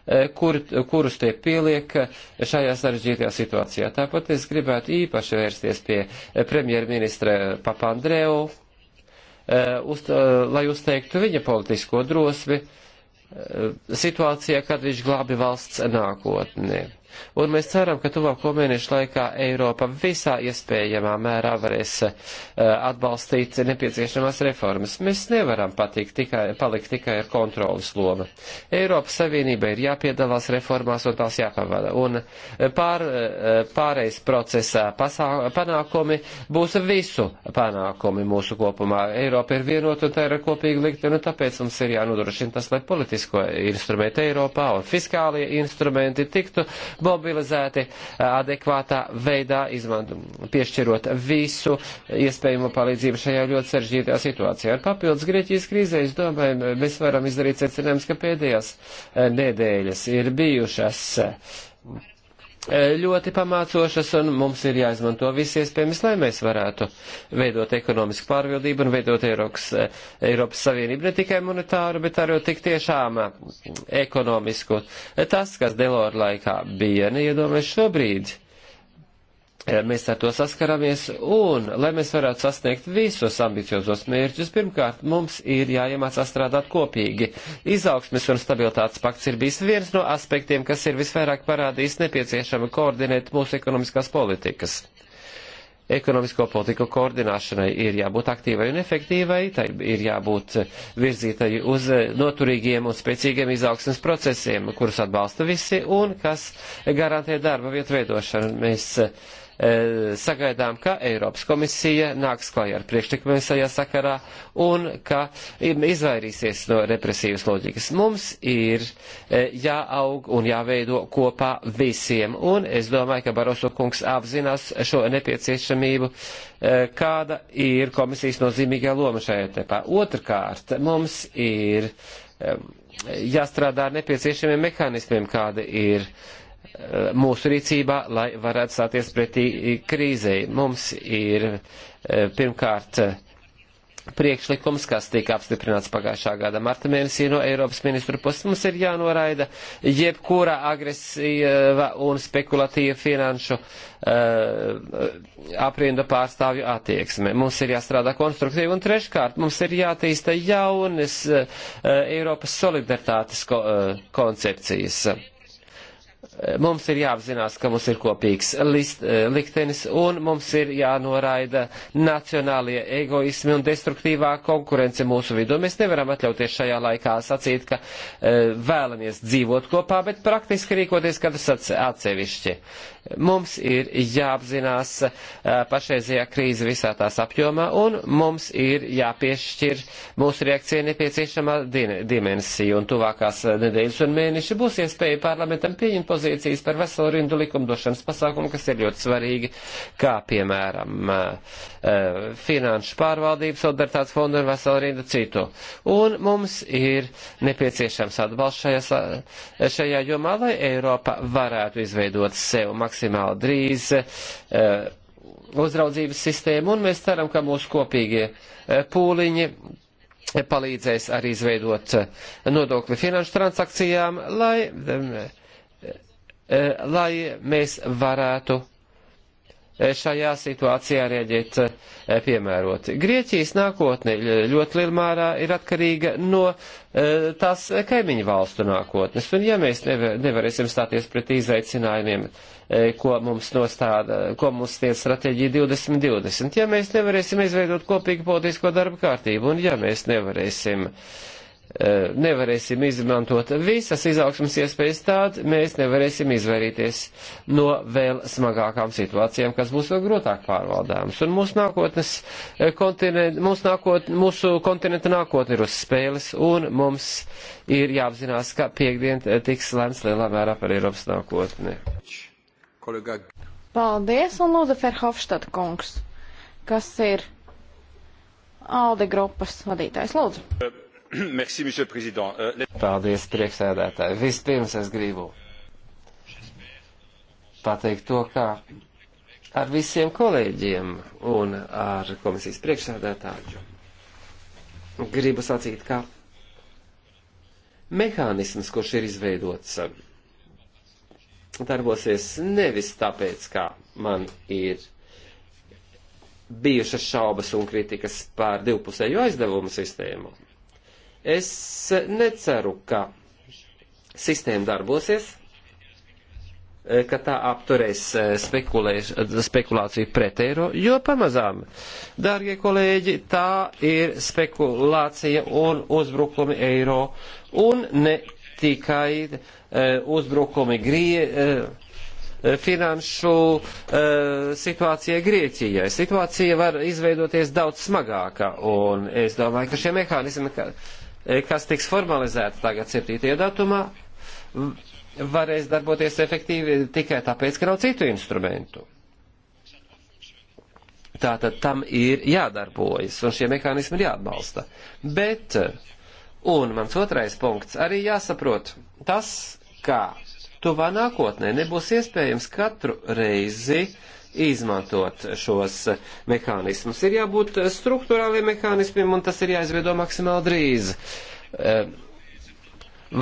Eh, kur, kurus tie pieliek eh, šajā sarežģītajā situācijā. Tāpat es gribētu īpaši vērsties pie eh, premjerministra Papandreu, uz, lai uzteiktu viņa politisko drosmi situācijā, kad viņš glābi valsts nākotnē un mēs ceram, ka tuvāko mēnešu laikā Eiropa visā iespējamā mērā varēs eh, atbalstīt nepieciešamās reformas. Mēs nevaram patikt tikai, palikt tikai ar kontrolas lomu. Eiropas Savienība ir jāpiedalās reformās un tās jāpavada, un eh, pār, eh, pārējais procesā pasā, panākumi būs visu panākumi mūsu kopumā. Eiropa ir vienota un tā ir kopīga liktene, un tāpēc mums ir jānodrošina tas, lai politisko instrumentu Eiropā un fiskālie instrumenti tiktu mobilizēti eh, adekvātā veidā, izmantu, piešķirot visu iespējamo palīdzību šajā ļoti sarežģītajā situācijā. Ar papildus Grieķijas krīzē, es domāju, mēs varam izdarīt secinājumus, ka pēdējās eh, nedēļas ir bijušas eh, Eh, ļoti pamācošas, un mums ir jāizmanto visi iespējams, lai mēs varētu veidot ekonomisku pārvildību un veidot Eiropas, eh, Eiropas Savienību ne tikai monetāru, bet arī tik tiešām eh, ekonomisku. Tas, kas Delora laikā bija neiedomājams šobrīd, mēs ar to saskaramies, un, lai mēs varētu sasniegt visus ambiciozos mērķus, pirmkārt, mums ir jāiemācās strādāt kopīgi. Izaugsmes un stabilitātes pakts ir bijis viens no aspektiem, kas ir visvairāk parādījis nepieciešama koordinēt mūsu ekonomiskās politikas. Ekonomisko politiku koordināšanai ir jābūt aktīvai un efektīvai, tai ir jābūt virzītai uz noturīgiem un spēcīgiem izaugsmes procesiem, kurus atbalsta visi un kas garantē darba vietu veidošanu. Mēs uh, E, sagaidām, ka Eiropas komisija nāks klajā ar priekšlikumiem šajā sakarā un ka izvairīsies no represīvas loģikas. Mums ir e, jāaug un jāveido kopā visiem, un es domāju, ka Baroso kungs apzinās šo nepieciešamību, e, kāda ir komisijas nozīmīgā loma šajā etapā. Otrkārt, mums ir jāstrādā ar nepieciešamiem mehānismiem, kāda ir uh, Eh, mūsu rīcībā, lai varētu stāties pretī krīzei. Mums ir eh, pirmkārt priekšlikums, kas tika apstiprināts pagājušā gada marta mēnesī no Eiropas ministru puses. Mums ir jānoraida jebkura agresīva un spekulatīva finanšu uh, aprindu pārstāvju attieksme. Mums ir jāstrādā konstruktīvi un treškārt mums ir jātīsta jaunas uh, Eiropas solidaritātes ko, uh, koncepcijas. Uh, Mums ir jāapzinās, ka mums ir kopīgs list, e, liktenis un mums ir jānoraida nacionālie egoismi un destruktīvā konkurence mūsu vidū. Mēs nevaram atļauties šajā laikā sacīt, ka e, vēlamies dzīvot kopā, bet praktiski rīkoties katrs atsevišķi. Mums ir jāapzinās e, pašreizajā krīze visā tās apjomā un mums ir jāpiešķir mūsu reakcija nepieciešamā dimensija un tuvākās nedēļas un mēneši būs iespēja parlamentam pieņemt pozīciju pozīcijas par veselu rindu likumdošanas pasākumu, kas ir ļoti svarīgi, kā piemēram finanšu pārvaldības solidaritātes fondu un veselu rindu citu. Un mums ir nepieciešams atbalsts šajā, šajā jomā, lai Eiropa varētu izveidot sev maksimāli drīz uzraudzības sistēmu, un mēs ceram, ka mūsu kopīgie pūliņi palīdzēs arī izveidot nodokli finanšu transakcijām, lai Eh, lai mēs varētu eh, šajā situācijā rēģēt eh, piemēroti. Grieķijas nākotne ļoti lielā mērā ir atkarīga no tās kaimiņu valstu nākotnes, un ja mēs nevarēsim stāties pret izaicinājumiem, ko mums nostāda, ko mums tiec strateģija 2020, ja mēs nevarēsim izveidot kopīgu politisko darbu kārtību, un ja mēs nevarēsim uh, E, nevarēsim izmantot visas izaugsmas iespējas, tad mēs nevarēsim izvairīties no vēl smagākām situācijām, kas būs vēl grūtāk pārvaldāmas. Un mūsu nākotnes e, kontinent, mūsu, nākot, mūsu kontinenta nākotne ir uz spēles, un mums ir jāapzinās, ka piekdien tiks lēmts lielā mērā par Eiropas nākotni. Paldies, un lūdzu, Ferhofstad kungs, kas ir Alde grupas vadītājs. Lūdzu. E, Merci, monsieur président. Euh, Paldies, priekšsēdētāji. Vispirms es gribu pateikt to, kā ar visiem kolēģiem un ar komisijas priekšsēdētāju. Gribu sacīt, ka mehānisms, kurš ir izveidots, darbosies nevis tāpēc, kā man ir bijušas šaubas un kritikas par divpusēju aizdevumu sistēmu, Es neceru, ka sistēma darbosies, e, ka tā apturēs e, spekulāciju pret eiro, jo pamazām, dārgie kolēģi, tā ir spekulācija un uzbrukumi eiro, un ne tikai uh, uzbrukumi grie, uh, finanšu uh, situācijai Grieķijai. Situācija var izveidoties daudz smagāka, un es domāju, ka šie mehānismi, ka, uh, Eh, kas tiks formalizēta tagad 7. datumā, varēs darboties efektīvi tikai tāpēc, ka nav citu instrumentu. Tātad tam ir jādarbojas, un šie mehānismi ir jāatbalsta. Bet, un mans otrais punkts, arī jāsaprot tas, kā tuvā nākotnē nebūs iespējams katru reizi uh, izmantot šos mehānismus. Ir jābūt struktūrāliem mehānismiem, un tas ir jāizveido maksimāli drīz. E,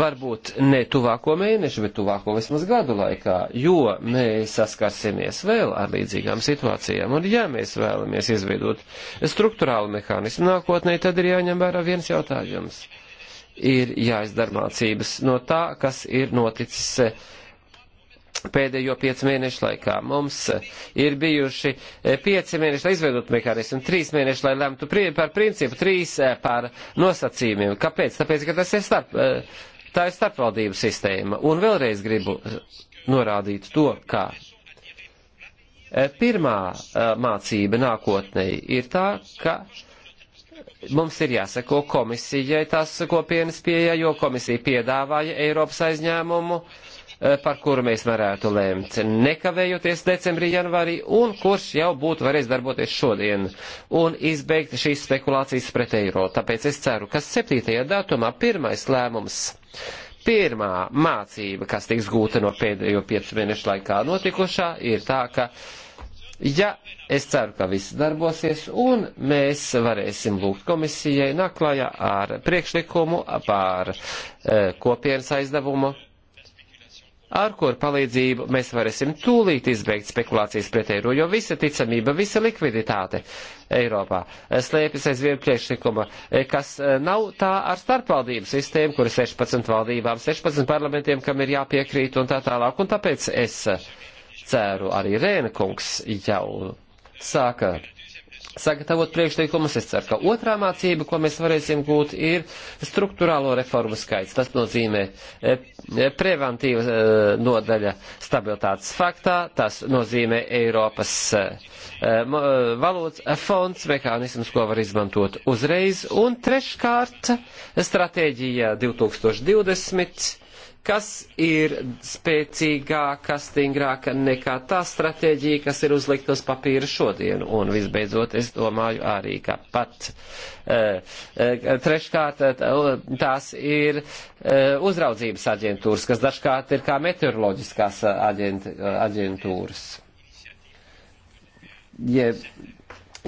varbūt ne tuvāko mēnešu, bet tuvāko vismaz gadu laikā, jo mēs saskarsimies vēl ar līdzīgām situācijām. Un ja mēs vēlamies izveidot struktūrālu mehānismu nākotnē, tad ir jāņem vērā viens jautājums. Ir jāizdara mācības no tā, kas ir noticis pēdējo piecu mēnešu laikā. Mums eh, ir bijuši eh, pieci mēneši, lai izveidotu mehānismu, trīs mēneši, lai lemtu par principu, trīs eh, par nosacījumiem. Kāpēc? Tāpēc, ka tas ir starp, tā ir starpvaldību sistēma. Un vēlreiz gribu norādīt to, ka pirmā mācība nākotnē ir tā, ka mums ir jāseko komisijai tās kopienas pieeja, jo komisija piedāvāja Eiropas aizņēmumu uh, Eh, par kuru mēs varētu lēmt nekavējoties decembrī, janvārī, un kurš jau būtu varējis darboties šodien un izbeigt šīs spekulācijas pret eiro. Tāpēc es ceru, ka 7. datumā pirmais lēmums pirmā mācība, kas tiks gūta no pēdējo piecu mēnešu laikā notikušā, ir tā, ka, ja es ceru, ka viss darbosies, un mēs varēsim lūgt komisijai naklājā ar priekšlikumu par e, kopienas aizdevumu ar kur palīdzību mēs varēsim tūlīt izbeigt spekulācijas pret eiro, jo visa ticamība, visa likviditāte Eiropā slēpjas aizvien priekšlikuma, kas eh, nav tā ar starpvaldību sistēmu, kur ir 16 valdībām, 16 parlamentiem, kam ir jāpiekrīt un tā tālāk. Un tāpēc es eh, ceru arī Rēna kungs jau sāka sagatavot priekšteikumus. Es ceru, ka otrā mācība, ko mēs varēsim gūt, ir struktūrālo reformu skaits. Tas nozīmē e, e, preventīva e, nodaļa stabilitātes faktā, tas nozīmē Eiropas valūtas fonds, mehānisms, ko var izmantot uzreiz, un treškārt stratēģija 2020 kas ir spēcīgāka, stingrāka nekā tā stratēģija, kas ir uzlikta uz papīra šodien. Un visbeidzot, es domāju arī, ka pat uh, treškārt eh, tās ir uh, uzraudzības aģentūras, kas dažkārt ir kā meteoroloģiskās aģent, aģentūras. Jeb,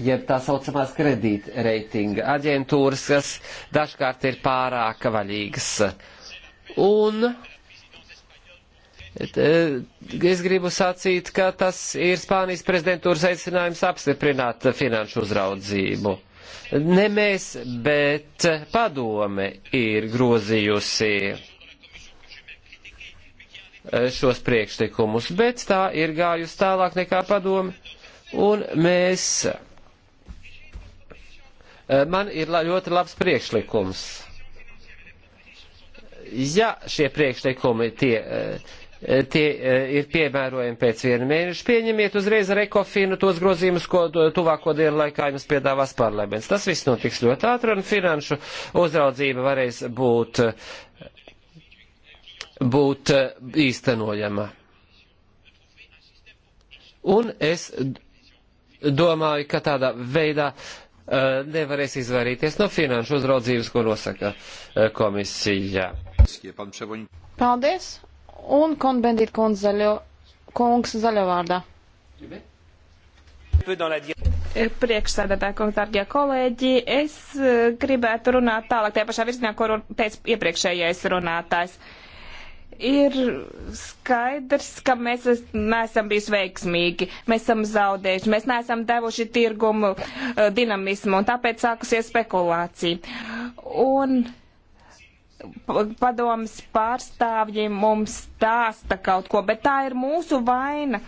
jeb tā saucamās kredītreitinga aģentūras, kas dažkārt ir pārāk vaļīgas. Uh, Un e, Es gribu sacīt, ka tas ir Spānijas prezidentūras aicinājums apstiprināt finanšu uzraudzību. Ne mēs, bet padome ir grozījusi šos priekšlikumus, bet tā ir gājusi tālāk nekā padome. Un mēs. E, man ir ļoti labs priekšlikums ja šie priekšlikumi tie, eh, tie eh, ir piemērojami pēc viena mēneša, pieņemiet uzreiz ar ekofinu tos grozījumus, ko tuvāko dienu laikā jums piedāvās parlaments. Tas viss notiks ļoti ātri un finanšu uzraudzība varēs būt, būt eh, īstenojama. Un es domāju, ka tādā veidā nevarēs izvairīties no finanšu uzraudzības, ko nosaka komisija. Paldies! Un konbendīt kundz zaļo, kungs zaļo vārdā. Priekšsēdētāji, kungs, dārgie kolēģi, es eh, gribētu runāt tālāk tajā pašā virzienā, ko teica iepriekšējais runātājs ir skaidrs, ka mēs neesam bijuši veiksmīgi, mēs esam zaudējuši, mēs neesam devuši tirgumu eh, dinamismu, un tāpēc sākusies spekulācija. Un padomas pārstāvji mums stāsta kaut ko, bet tā ir mūsu vaina.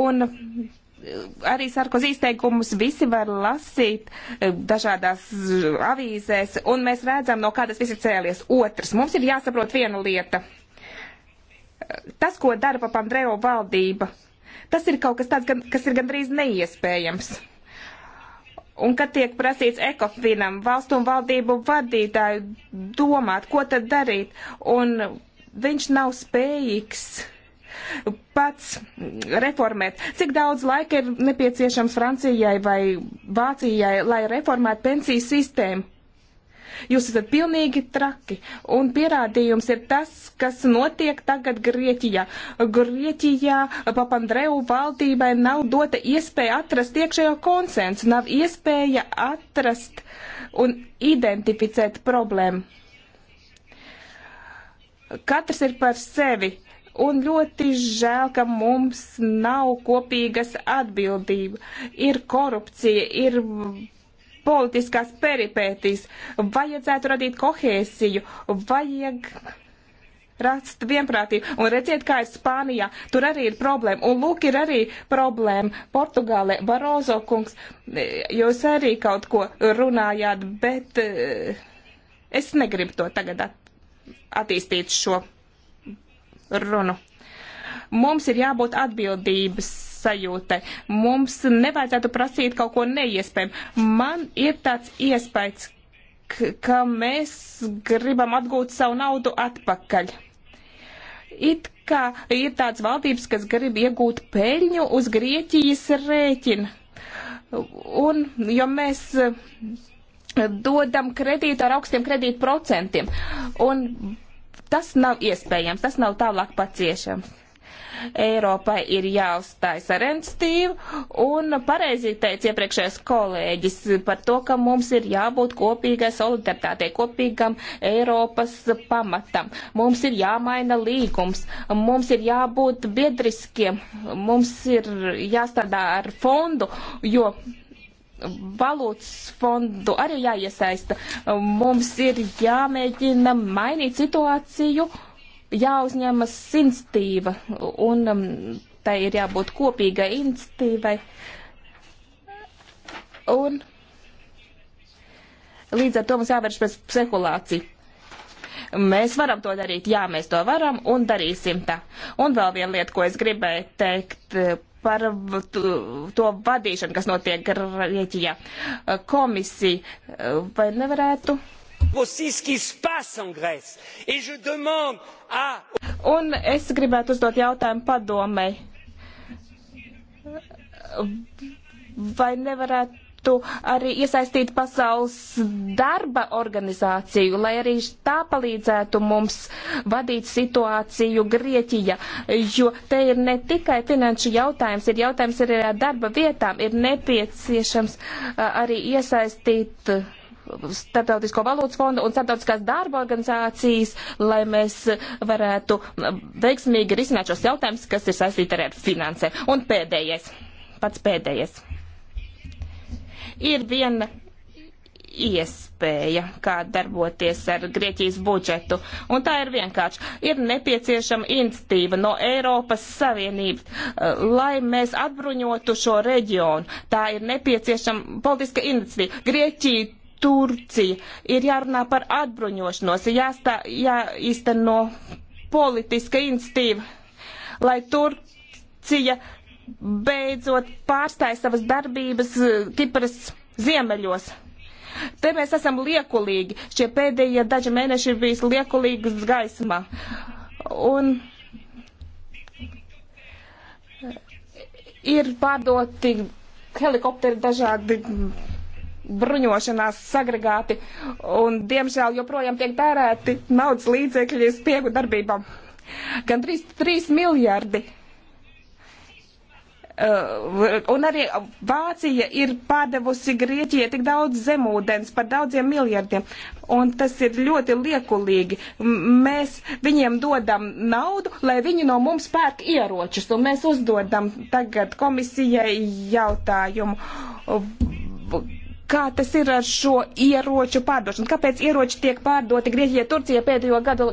Un eh, arī Sarkozy izteikumus visi var lasīt eh, dažādās eh, avīzēs, un mēs redzam, no kā tas viss ir cēlies. Otrs, mums ir jāsaprot viena lieta. Tas, ko dara Papandreo valdība, tas ir kaut kas tāds, kas ir gandrīz neiespējams. Un kad tiek prasīts ekofinam, valstu un valdību vadītāju domāt, ko tad darīt, un viņš nav spējīgs pats reformēt. Cik daudz laika ir nepieciešams Francijai vai Vācijai, lai reformētu pensiju sistēmu? Jūs esat pilnīgi traki. Un pierādījums ir tas, kas notiek tagad Grieķijā. Grieķijā Papandreju valdībai nav dota iespēja atrast iekšējo konsensu, nav iespēja atrast un identificēt problēmu. Katrs ir par sevi un ļoti žēl, ka mums nav kopīgas atbildība. Ir korupcija, ir politiskās peripētīs, vajadzētu radīt kohēsiju, vajag rast vienprātību. Un redziet, kā ir Spānijā, tur arī ir problēma. Un lūk, ir arī problēma Portugālē. Barozo kungs, jūs arī kaut ko runājāt, bet eh, es negribu to tagad attīstīt šo runu. Mums ir jābūt atbildības sajūtai. Mums nevajadzētu prasīt kaut ko neiespējumu. Man ir tāds iespējas, ka mēs gribam atgūt savu naudu atpakaļ. It kā ir tāds valdības, kas grib iegūt peļņu uz Grieķijas rēķina. Un, jo mēs eh, dodam kredītu ar augstiem kredītu procentiem. Un tas nav iespējams, tas nav tālāk paciešams. Eiropai ir jāuzstājas ar enstīvu, un pareizi teica iepriekšējais kolēģis par to, ka mums ir jābūt kopīgai solidaritātei, kopīgam Eiropas pamatam. Mums ir jāmaina līgums, mums ir jābūt biedriskiem, mums ir jāstrādā ar fondu, jo valūtas fondu arī jāiesaista. Mums ir jāmēģina mainīt situāciju jāuzņemas instīva, un um, tai ir jābūt kopīgai instīvai. Un līdz ar to mums jāvērš pēc spekulāciju. Mēs varam to darīt, jā, mēs to varam un darīsim tā. Un vēl viena lieta, ko es gribēju teikt eh, par to vadīšanu, kas notiek Grieķijā. Komisija eh, vai nevarētu Aussi, ce qui se passe en Grèce. Et je demande à... Un es gribētu uzdot jautājumu padomei. Vai nevarētu arī iesaistīt pasaules darba organizāciju, lai arī tā palīdzētu mums vadīt situāciju Grieķija? Jo te ir ne tikai finanšu jautājums, ir jautājums arī ar darba vietām. Ir nepieciešams arī iesaistīt uh, Startautisko valūtas fonda un Startautiskās darba organizācijas, lai mēs varētu veiksmīgi risināt šos jautājumus, kas ir saistīti ar finansēm. Un pēdējais, pats pēdējais. Ir viena iespēja, kā darboties ar Grieķijas budžetu. Un tā ir vienkārši. Ir nepieciešama institīva no Eiropas Savienības, eh, lai mēs atbruņotu šo reģionu. Tā ir nepieciešama politiska iniciatīva. Grieķija Turcija. Ir jārunā par atbruņošanos, ir jāstā, jāizteno politiska institīva, lai Turcija beidzot pārstāja savas darbības eh, Kipras ziemeļos. Te mēs esam liekulīgi. Šie pēdējie daži mēneši ir bijis liekulīgas gaismā. Un ir pārdoti helikopteri dažādi bruņošanās sagregāti un, diemžēl, joprojām tiek tērēti naudas līdzekļi spiegu darbībām. Gan 3, 3 miljardi. Uh, un arī Vācija ir pārdevusi Grieķijai tik daudz zemūdens par daudziem miljardiem. Un tas ir ļoti liekulīgi. M mēs viņiem dodam naudu, lai viņi no mums pērk ieročus. Un mēs uzdodam tagad komisijai jautājumu. Uh, kā tas ir ar šo ieroču pārdošanu? Kāpēc ieroči tiek pārdoti Grieķijai, Turcijai pēdējo gadu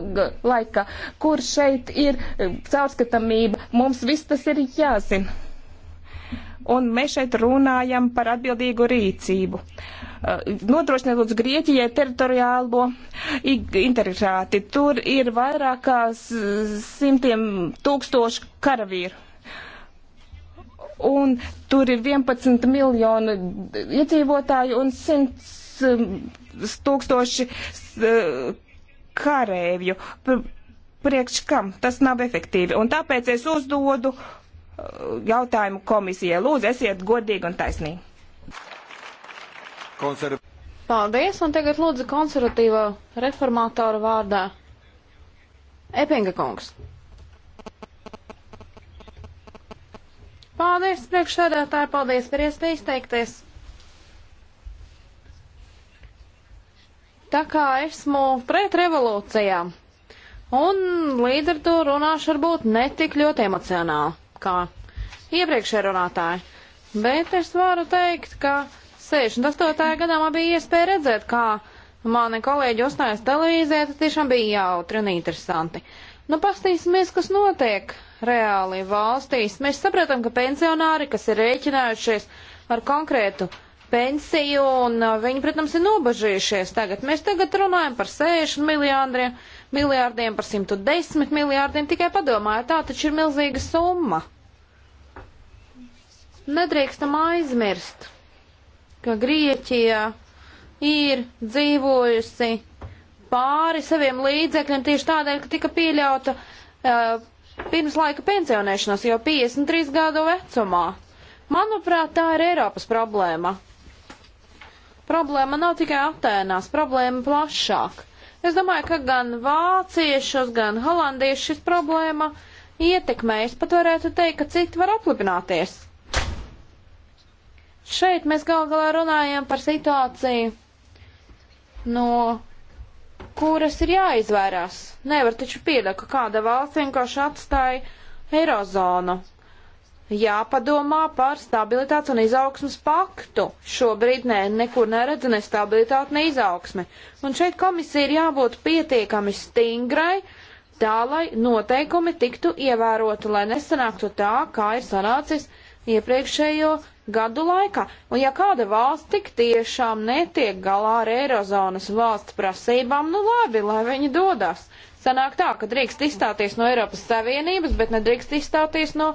laikā? Kur šeit ir e, caurskatāmība? Mums viss tas ir jāzina. Un mēs šeit runājam par atbildīgu rīcību. E, Nodrošināt lūdzu Grieķijai teritoriālo integritāti. Tur ir vairākās e, simtiem tūkstošu karavīru un tur ir 11 miljoni iedzīvotāju un 100 um, tūkstoši uh, karēvju. Priekš kam? Tas nav efektīvi. Un tāpēc es uzdodu uh, jautājumu komisijai. Lūdzu, esiet godīgi un taisnīgi. Konserv... Paldies, un tagad lūdzu konservatīvo reformātoru vārdā. Epinga kungs. Paldies, priekšsēdētāji, paldies par iespēju izteikties. Tā kā esmu pret revolūcijām, un līdz ar to runāšu varbūt netik ļoti emocionāli, kā iepriekšēji runātāji. Bet es varu teikt, ka 68. gadā man bija iespēja redzēt, kā mani kolēģi uzstājas televīzijā, tas tiešām bija jautri un interesanti. Uh, Nu, pastīsimies, kas notiek reāli valstīs. Mēs saprotam, ka pensionāri, kas ir rēķinājušies ar konkrētu pensiju, un uh, viņi, protams, ir nobažījušies tagad. Mēs tagad runājam par 60 miljārdiem, miljārdiem par 110 miljārdiem, tikai padomājiet, tā taču ir milzīga summa. Nedrīkstam aizmirst, ka Grieķija ir dzīvojusi pāri saviem līdzekļiem tieši tādēļ, ka tika pieļauta uh, eh, pirmslaika pensionēšanās jau 53 gadu vecumā. Manuprāt, tā ir Eiropas problēma. Problēma nav tikai Atēnās, problēma plašāk. Es domāju, ka gan vāciešus, gan holandiešus šis problēma ietekmē. Es pat varētu teikt, ka citi var aplipināties. Šeit mēs gal galā runājam par situāciju no kuras ir jāizvairās. Nevar taču pieļaut, ka kāda valsts vienkārši atstāja eirozonu. Jāpadomā par stabilitātes un izaugsmas paktu. Šobrīd nē, ne, nekur neredz ne stabilitāte, ne izaugsme. Un šeit komisija ir jābūt pietiekami stingrai, tā lai noteikumi tiktu ievēroti, lai nesanāktu tā, kā ir sanācis iepriekšējo gadu laikā. Un ja kāda valsts tik tiešām netiek galā ar Eirozonas valsts prasībām, nu labi, lai viņi dodas. Sanāk tā, ka drīkst izstāties no Eiropas Savienības, bet nedrīkst izstāties no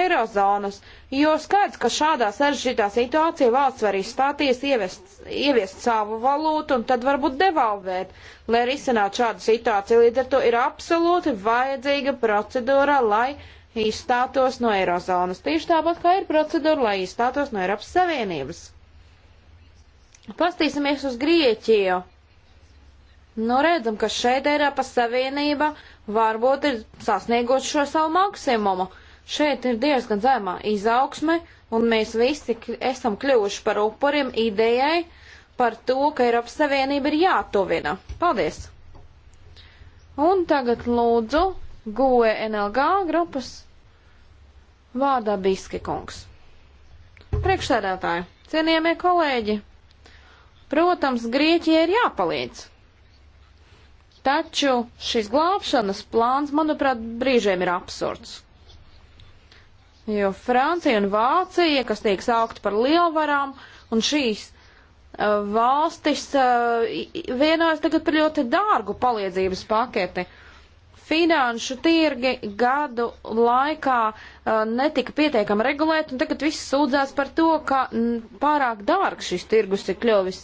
Eirozonas, jo skaidrs, ka šādā sarežģītā situācijā valsts var izstāties, ievest, ieviest savu valūtu un tad varbūt devalvēt. Lai risinātu šādu situāciju, līdz ar to ir absolūti vajadzīga procedūra, lai izstātos no Eirozonas, tieši tāpat kā ir procedūra, lai izstātos no Eiropas Savienības. Pastīsimies uz Grieķiju. Nu, redzam, ka šeit Eiropas Savienība varbūt ir sasniegusi šo savu maksimumu. Šeit ir diezgan zemā izaugsme, un mēs visi esam kļuvuši par upuriem idejai par to, ka Eiropas Savienība ir jātuvina. Paldies! Un tagad lūdzu GUE NLG grupas vārdā Biski kungs. Priekšsēdētāji, cienījamie kolēģi, protams, Grieķija ir jāpalīdz. Taču šis glābšanas plāns, manuprāt, brīžiem ir absurds. Jo Francija un Vācija, kas tiek saukti par lielvarām, un šīs uh, valstis uh, vienojas tagad par ļoti dārgu palīdzības paketi. Uh, finanšu tirgi gadu laikā uh, netika pietiekami regulēti, un tagad viss sūdzās par to, ka m, pārāk dārgs šis tirgus ir kļuvis.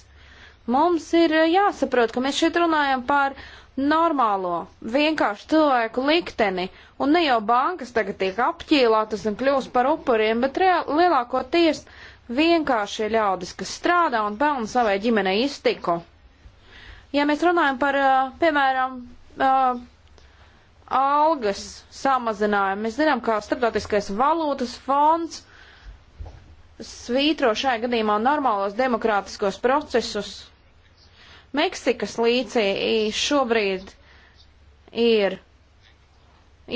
Mums ir uh, jāsaprot, ka mēs šeit runājam par normālo, vienkāršu cilvēku likteni, un ne jau bankas tagad tiek apķīlātas un kļūst par upuriem, bet lielākoties vienkārši ļaudis, kas strādā un pelna savai ģimenei iztiku. Ja mēs runājam par, uh, piemēram, uh, algas samazinājumu. Mēs zinām, ka starptautiskais valūtas fonds svītro šajā gadījumā normālos demokrātiskos procesus. Meksikas līcī šobrīd ir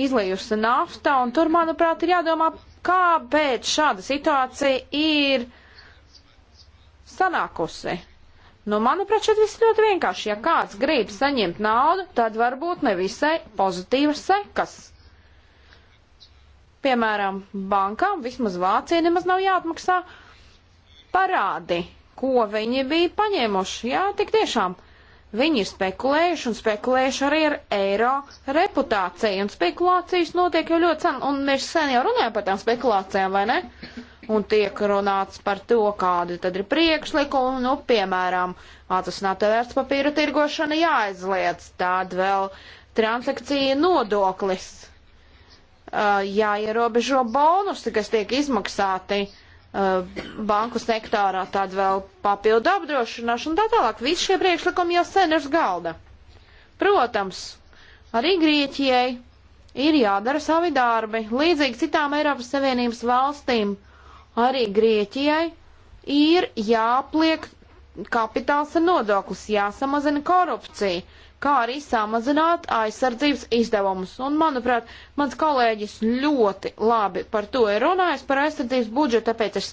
izlījusi nafta, un tur, manuprāt, ir jādomā, kāpēc šāda situācija ir sanākusi. Nu, manuprāt, šeit viss ļoti vienkārši. Ja kāds grib saņemt naudu, tad varbūt nevisai pozitīvas sekas. Piemēram, bankām vismaz Vācija nemaz nav jāatmaksā parādi, ko viņi bija paņēmuši. Jā, tik tiešām. Viņi ir spekulējuši un spekulējuši arī ar eiro reputāciju, un spekulācijas notiek jau ļoti sen, un mēs sen jau runājam par tām spekulācijām, vai ne? un tiek runāts par to, kādi tad ir priekšlikumi, nu, piemēram, atrasināto vērtspapīra tirgošana jāizliec, tad vēl transakcija nodoklis, uh, jāierobežo bonusi, kas tiek izmaksāti uh, banku sektorā, tad vēl papildu apdrošināšana un tā tālāk. Visi šie priekšlikumi jau sen ir uz galda. Protams, arī Grieķijai ir jādara savi darbi, līdzīgi citām Eiropas Savienības valstīm. Uh, arī Grieķijai ir jāpliek kapitāls un nodoklis, jāsamazina korupcija, kā arī samazināt aizsardzības izdevumus. Un, manuprāt, mans kolēģis ļoti labi par to ir runājis, par aizsardzības budžetu, tāpēc es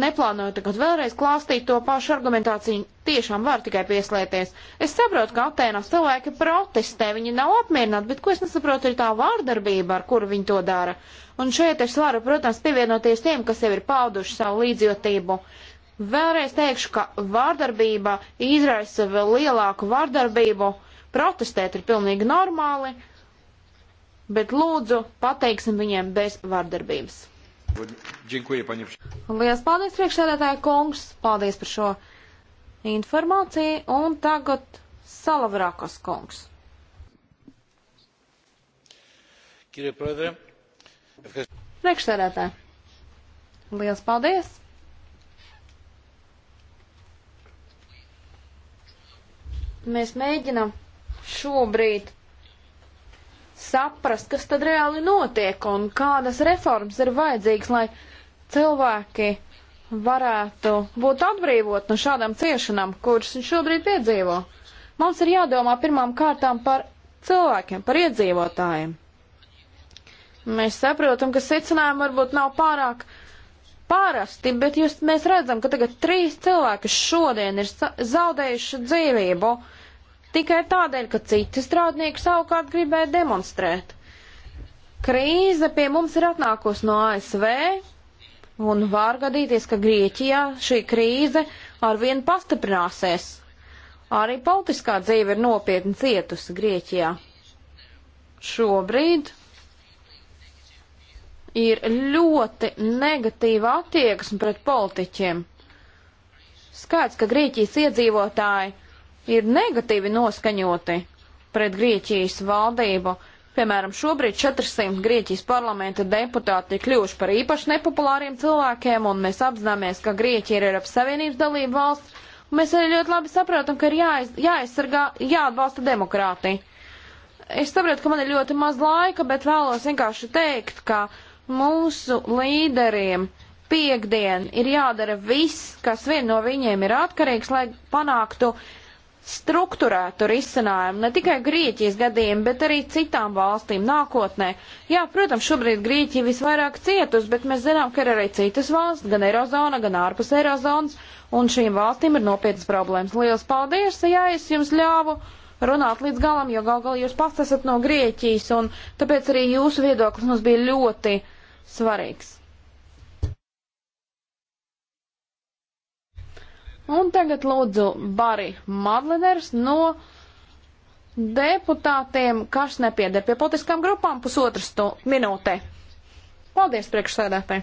Neplānoju tagad vēlreiz klāstīt to pašu argumentāciju, tiešām var tikai pieslēties. Es saprotu, ka Atēnās cilvēki protestē, viņi nav apmierināti, bet ko es nesaprotu, ir tā vārdarbība, ar kuru viņi to dara. Un šeit es varu, protams, pievienoties tiem, kas jau ir pauduši savu līdzjūtību. Vēlreiz teikšu, ka vārdarbība izraisa vēl lielāku vārdarbību. Protestēt ir pilnīgi normāli, bet lūdzu pateiksim viņiem bez vārdarbības. Lielas paldies, priekšsēdētāja kungs, paldies par šo informāciju, un tagad Salavrakos kungs. Priekšsēdētāja, liels paldies! Mēs mēģinam šobrīd saprast, kas tad reāli notiek un kādas reformas ir vajadzīgas, lai cilvēki varētu būt atbrīvot no šādām ciešanām, kuras viņi šobrīd piedzīvo. Mums ir jādomā pirmām kārtām par cilvēkiem, par iedzīvotājiem. Mēs saprotam, ka secinājumi varbūt nav pārāk pārasti, bet jūs, mēs redzam, ka tagad trīs cilvēki šodien ir zaudējuši dzīvību. Uh, tikai tādēļ, ka citi strādnieki savukārt gribēja demonstrēt. Krīze pie mums ir atnākusi no ASV, un var gadīties, ka Grieķijā šī krīze arvien pastiprināsies. Arī politiskā dzīve ir nopietni cietusi Grieķijā. Šobrīd ir ļoti negatīva attieksme pret politiķiem. Skaidrs, ka Grieķijas iedzīvotāji ir negatīvi noskaņoti pret Grieķijas valdību. Piemēram, šobrīd 400 Grieķijas parlamenta deputāti ir kļuvuši par īpaši nepopulāriem cilvēkiem, un mēs apzināmies, ka Grieķija ir Eiropas Savienības dalība valsts, un mēs arī ļoti labi saprotam, ka ir jāiz, jāaizsargā, jāatbalsta demokrātija. Es saprotu, ka man ir ļoti maz laika, bet vēlos vienkārši teikt, ka mūsu līderiem piekdien ir jādara viss, kas vien no viņiem ir atkarīgs, lai panāktu uh, strukturētu risinājumu ne tikai Grieķijas gadījumu, bet arī citām valstīm nākotnē. Jā, protams, šobrīd Grieķija visvairāk cietus, bet mēs zinām, ka ir arī citas valsts, gan Eirozona, gan ārpus Eirozonas, un šīm valstīm ir nopietnas problēmas. Lielas paldies, ja es jums ļāvu runāt līdz galam, jo gal galā jūs pats esat no Grieķijas, un tāpēc arī jūsu viedoklis mums bija ļoti svarīgs. Un tagad lūdzu Bari Madleners no deputātiem, kas nepieder pie politiskām grupām pusotras minūtē. Paldies, priekšsēdētāji!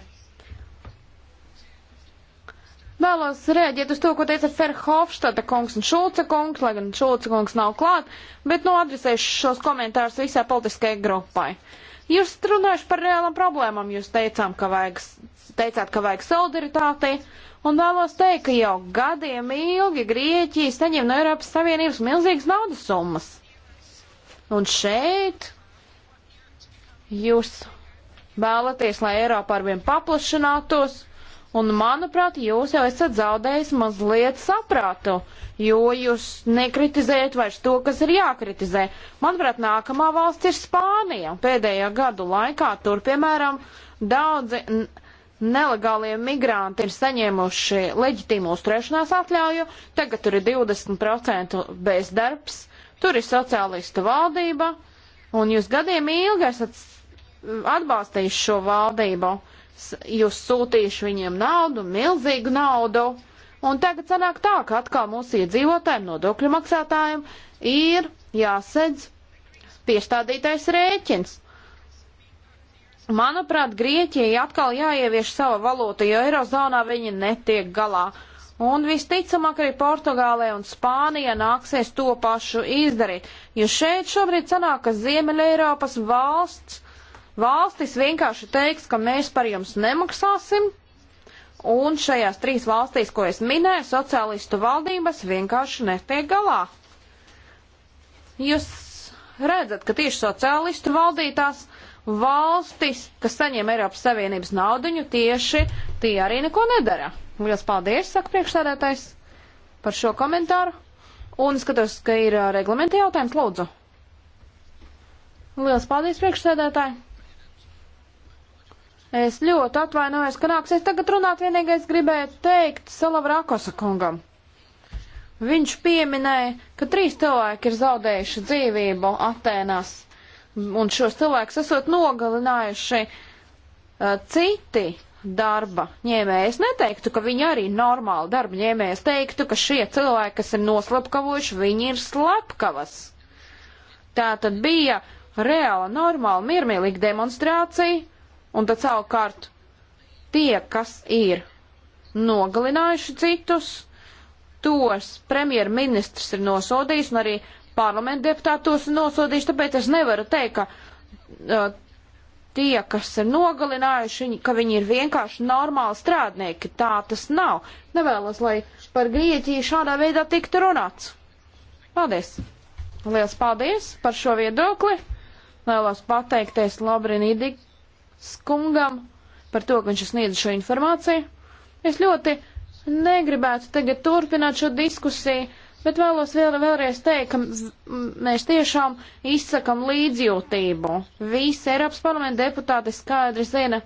Vēlos rēģēt uz to, ko teica Ferhofstata kungs un Šulca kungs, lai gan Šulca kungs nav klāt, bet nu adresēšu šos komentārus visai politiskajai grupai. Jūs runājuši par reālām problēmām, jūs teicām, ka vajag, teicāt, ka vajag solidaritāti, Un vēlos teikt, ka jau gadiem ilgi Grieķija saņem no Eiropas Savienības milzīgas naudas summas. Un šeit jūs vēlaties, lai Eiropa arvien paplašinātos, un manuprāt, jūs jau esat zaudējis mazliet saprātu, jo jūs nekritizējat vairs to, kas ir jākritizē. Manuprāt, nākamā valsts ir Spānija. Pēdējā gadu laikā tur, piemēram, daudzi nelegālie migranti ir saņēmuši leģitīmu uzturēšanās atļauju, tagad tur ir 20% bezdarbs, tur ir sociālistu valdība, un jūs gadiem ilgi esat atbalstījuši šo valdību, jūs sūtījuši viņiem naudu, milzīgu naudu, un tagad sanāk tā, ka atkal mūsu iedzīvotājiem, nodokļu maksātājiem ir jāsedz piestādītais rēķins. Manuprāt, Grieķijai atkal jāievieš sava valūta, jo Eirozonā viņi netiek galā. Un visticamāk arī Portugālē un Spānija nāksies to pašu izdarīt, jo šeit šobrīd sanāk, ka Ziemeļa Eiropas valsts, valstis vienkārši teiks, ka mēs par jums nemaksāsim, un šajās trīs valstīs, ko es minēju, sociālistu valdības vienkārši netiek galā. Jūs redzat, ka tieši sociālistu valdītās valstis, kas saņem Eiropas Savienības naudiņu, tieši tie arī neko nedara. Lielas paldies, saka priekšstādātais, par šo komentāru. Un skatos, ka ir uh, reglamenta jautājums, lūdzu. Lielas paldies, priekšsēdētāji! Es ļoti atvainojos, ka nāksies tagad runāt. Vienīgais gribēju teikt Salavrakosa kungam. Viņš pieminēja, ka trīs cilvēki ir zaudējuši dzīvību Atēnās un šos cilvēkus esot nogalinājuši uh, citi darba ņēmēji. Es neteiktu, ka viņi arī normāli darba ņēmēji. Es teiktu, ka šie cilvēki, kas ir noslapkavojuši, viņi ir slepkavas. Tā tad bija reāla, normāla, miermīlīga demonstrācija, un tad savukārt tie, kas ir nogalinājuši citus, tos premjerministrs ir nosodījis, un arī uh, parlamenta deputātos nosodījuši, tāpēc es nevaru teikt, ka uh, tie, kas ir nogalinājuši, ka viņi ir vienkārši normāli strādnieki. Tā tas nav. Nevēlos, lai par Grieķiju šādā veidā tiktu runāts. Paldies! Lielas paldies par šo viedokli! Vēlos pateikties Labrinīdi skungam par to, ka viņš sniedz šo informāciju. Es ļoti negribētu tagad turpināt šo diskusiju bet vēlos vēl, vēlreiz teikt, ka mēs tiešām izsakam līdzjūtību. Visi Eiropas parlamenta deputāti skaidri zina,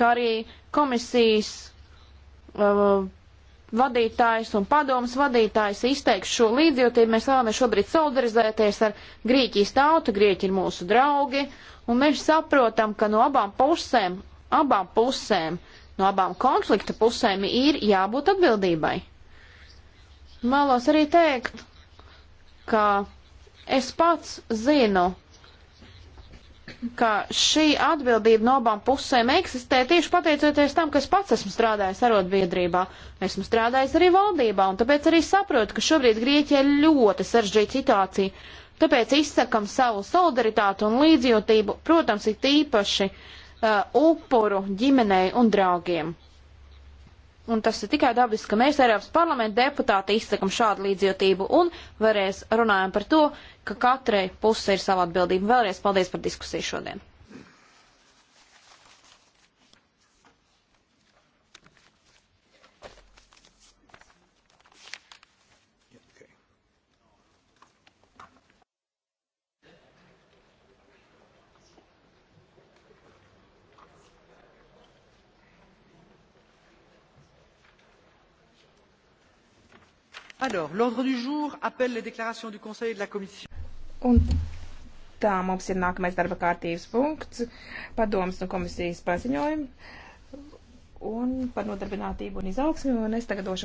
ka arī komisijas uh, vadītājs un padomas vadītājs izteiks šo līdzjūtību. Mēs vēlamies šobrīd solidarizēties ar Grieķijas tautu, Grieķi ir mūsu draugi, un mēs saprotam, ka no abām pusēm, abām pusēm, no abām konflikta pusēm ir jābūt atbildībai. Mēlos arī teikt, ka es pats zinu, ka šī atbildība no abām pusēm eksistē tieši pateicoties tam, ka es pats esmu strādājis arotbiedrībā, esmu strādājis arī valdībā, un tāpēc arī saprotu, ka šobrīd Grieķija ir ļoti saržģīta situācija. Tāpēc izsakam savu solidaritātu un līdzjūtību, protams, ir tīpaši uh, upuru ģimenei un draugiem un tas ir tikai dabiski, ka mēs Eiropas parlamenta deputāti izsakam šādu līdzjūtību un vēlreiz runājam par to, ka katrai pusē ir sava atbildība. Vēlreiz paldies par diskusiju šodien. l'ordre du jour appelle les déclarations du Conseil et de la Commission. Un tā mums ir nākamais darba kārtības punkts, padomas un komisijas paziņojumi un par nodarbinātību un izaugsmi, un es tagad došu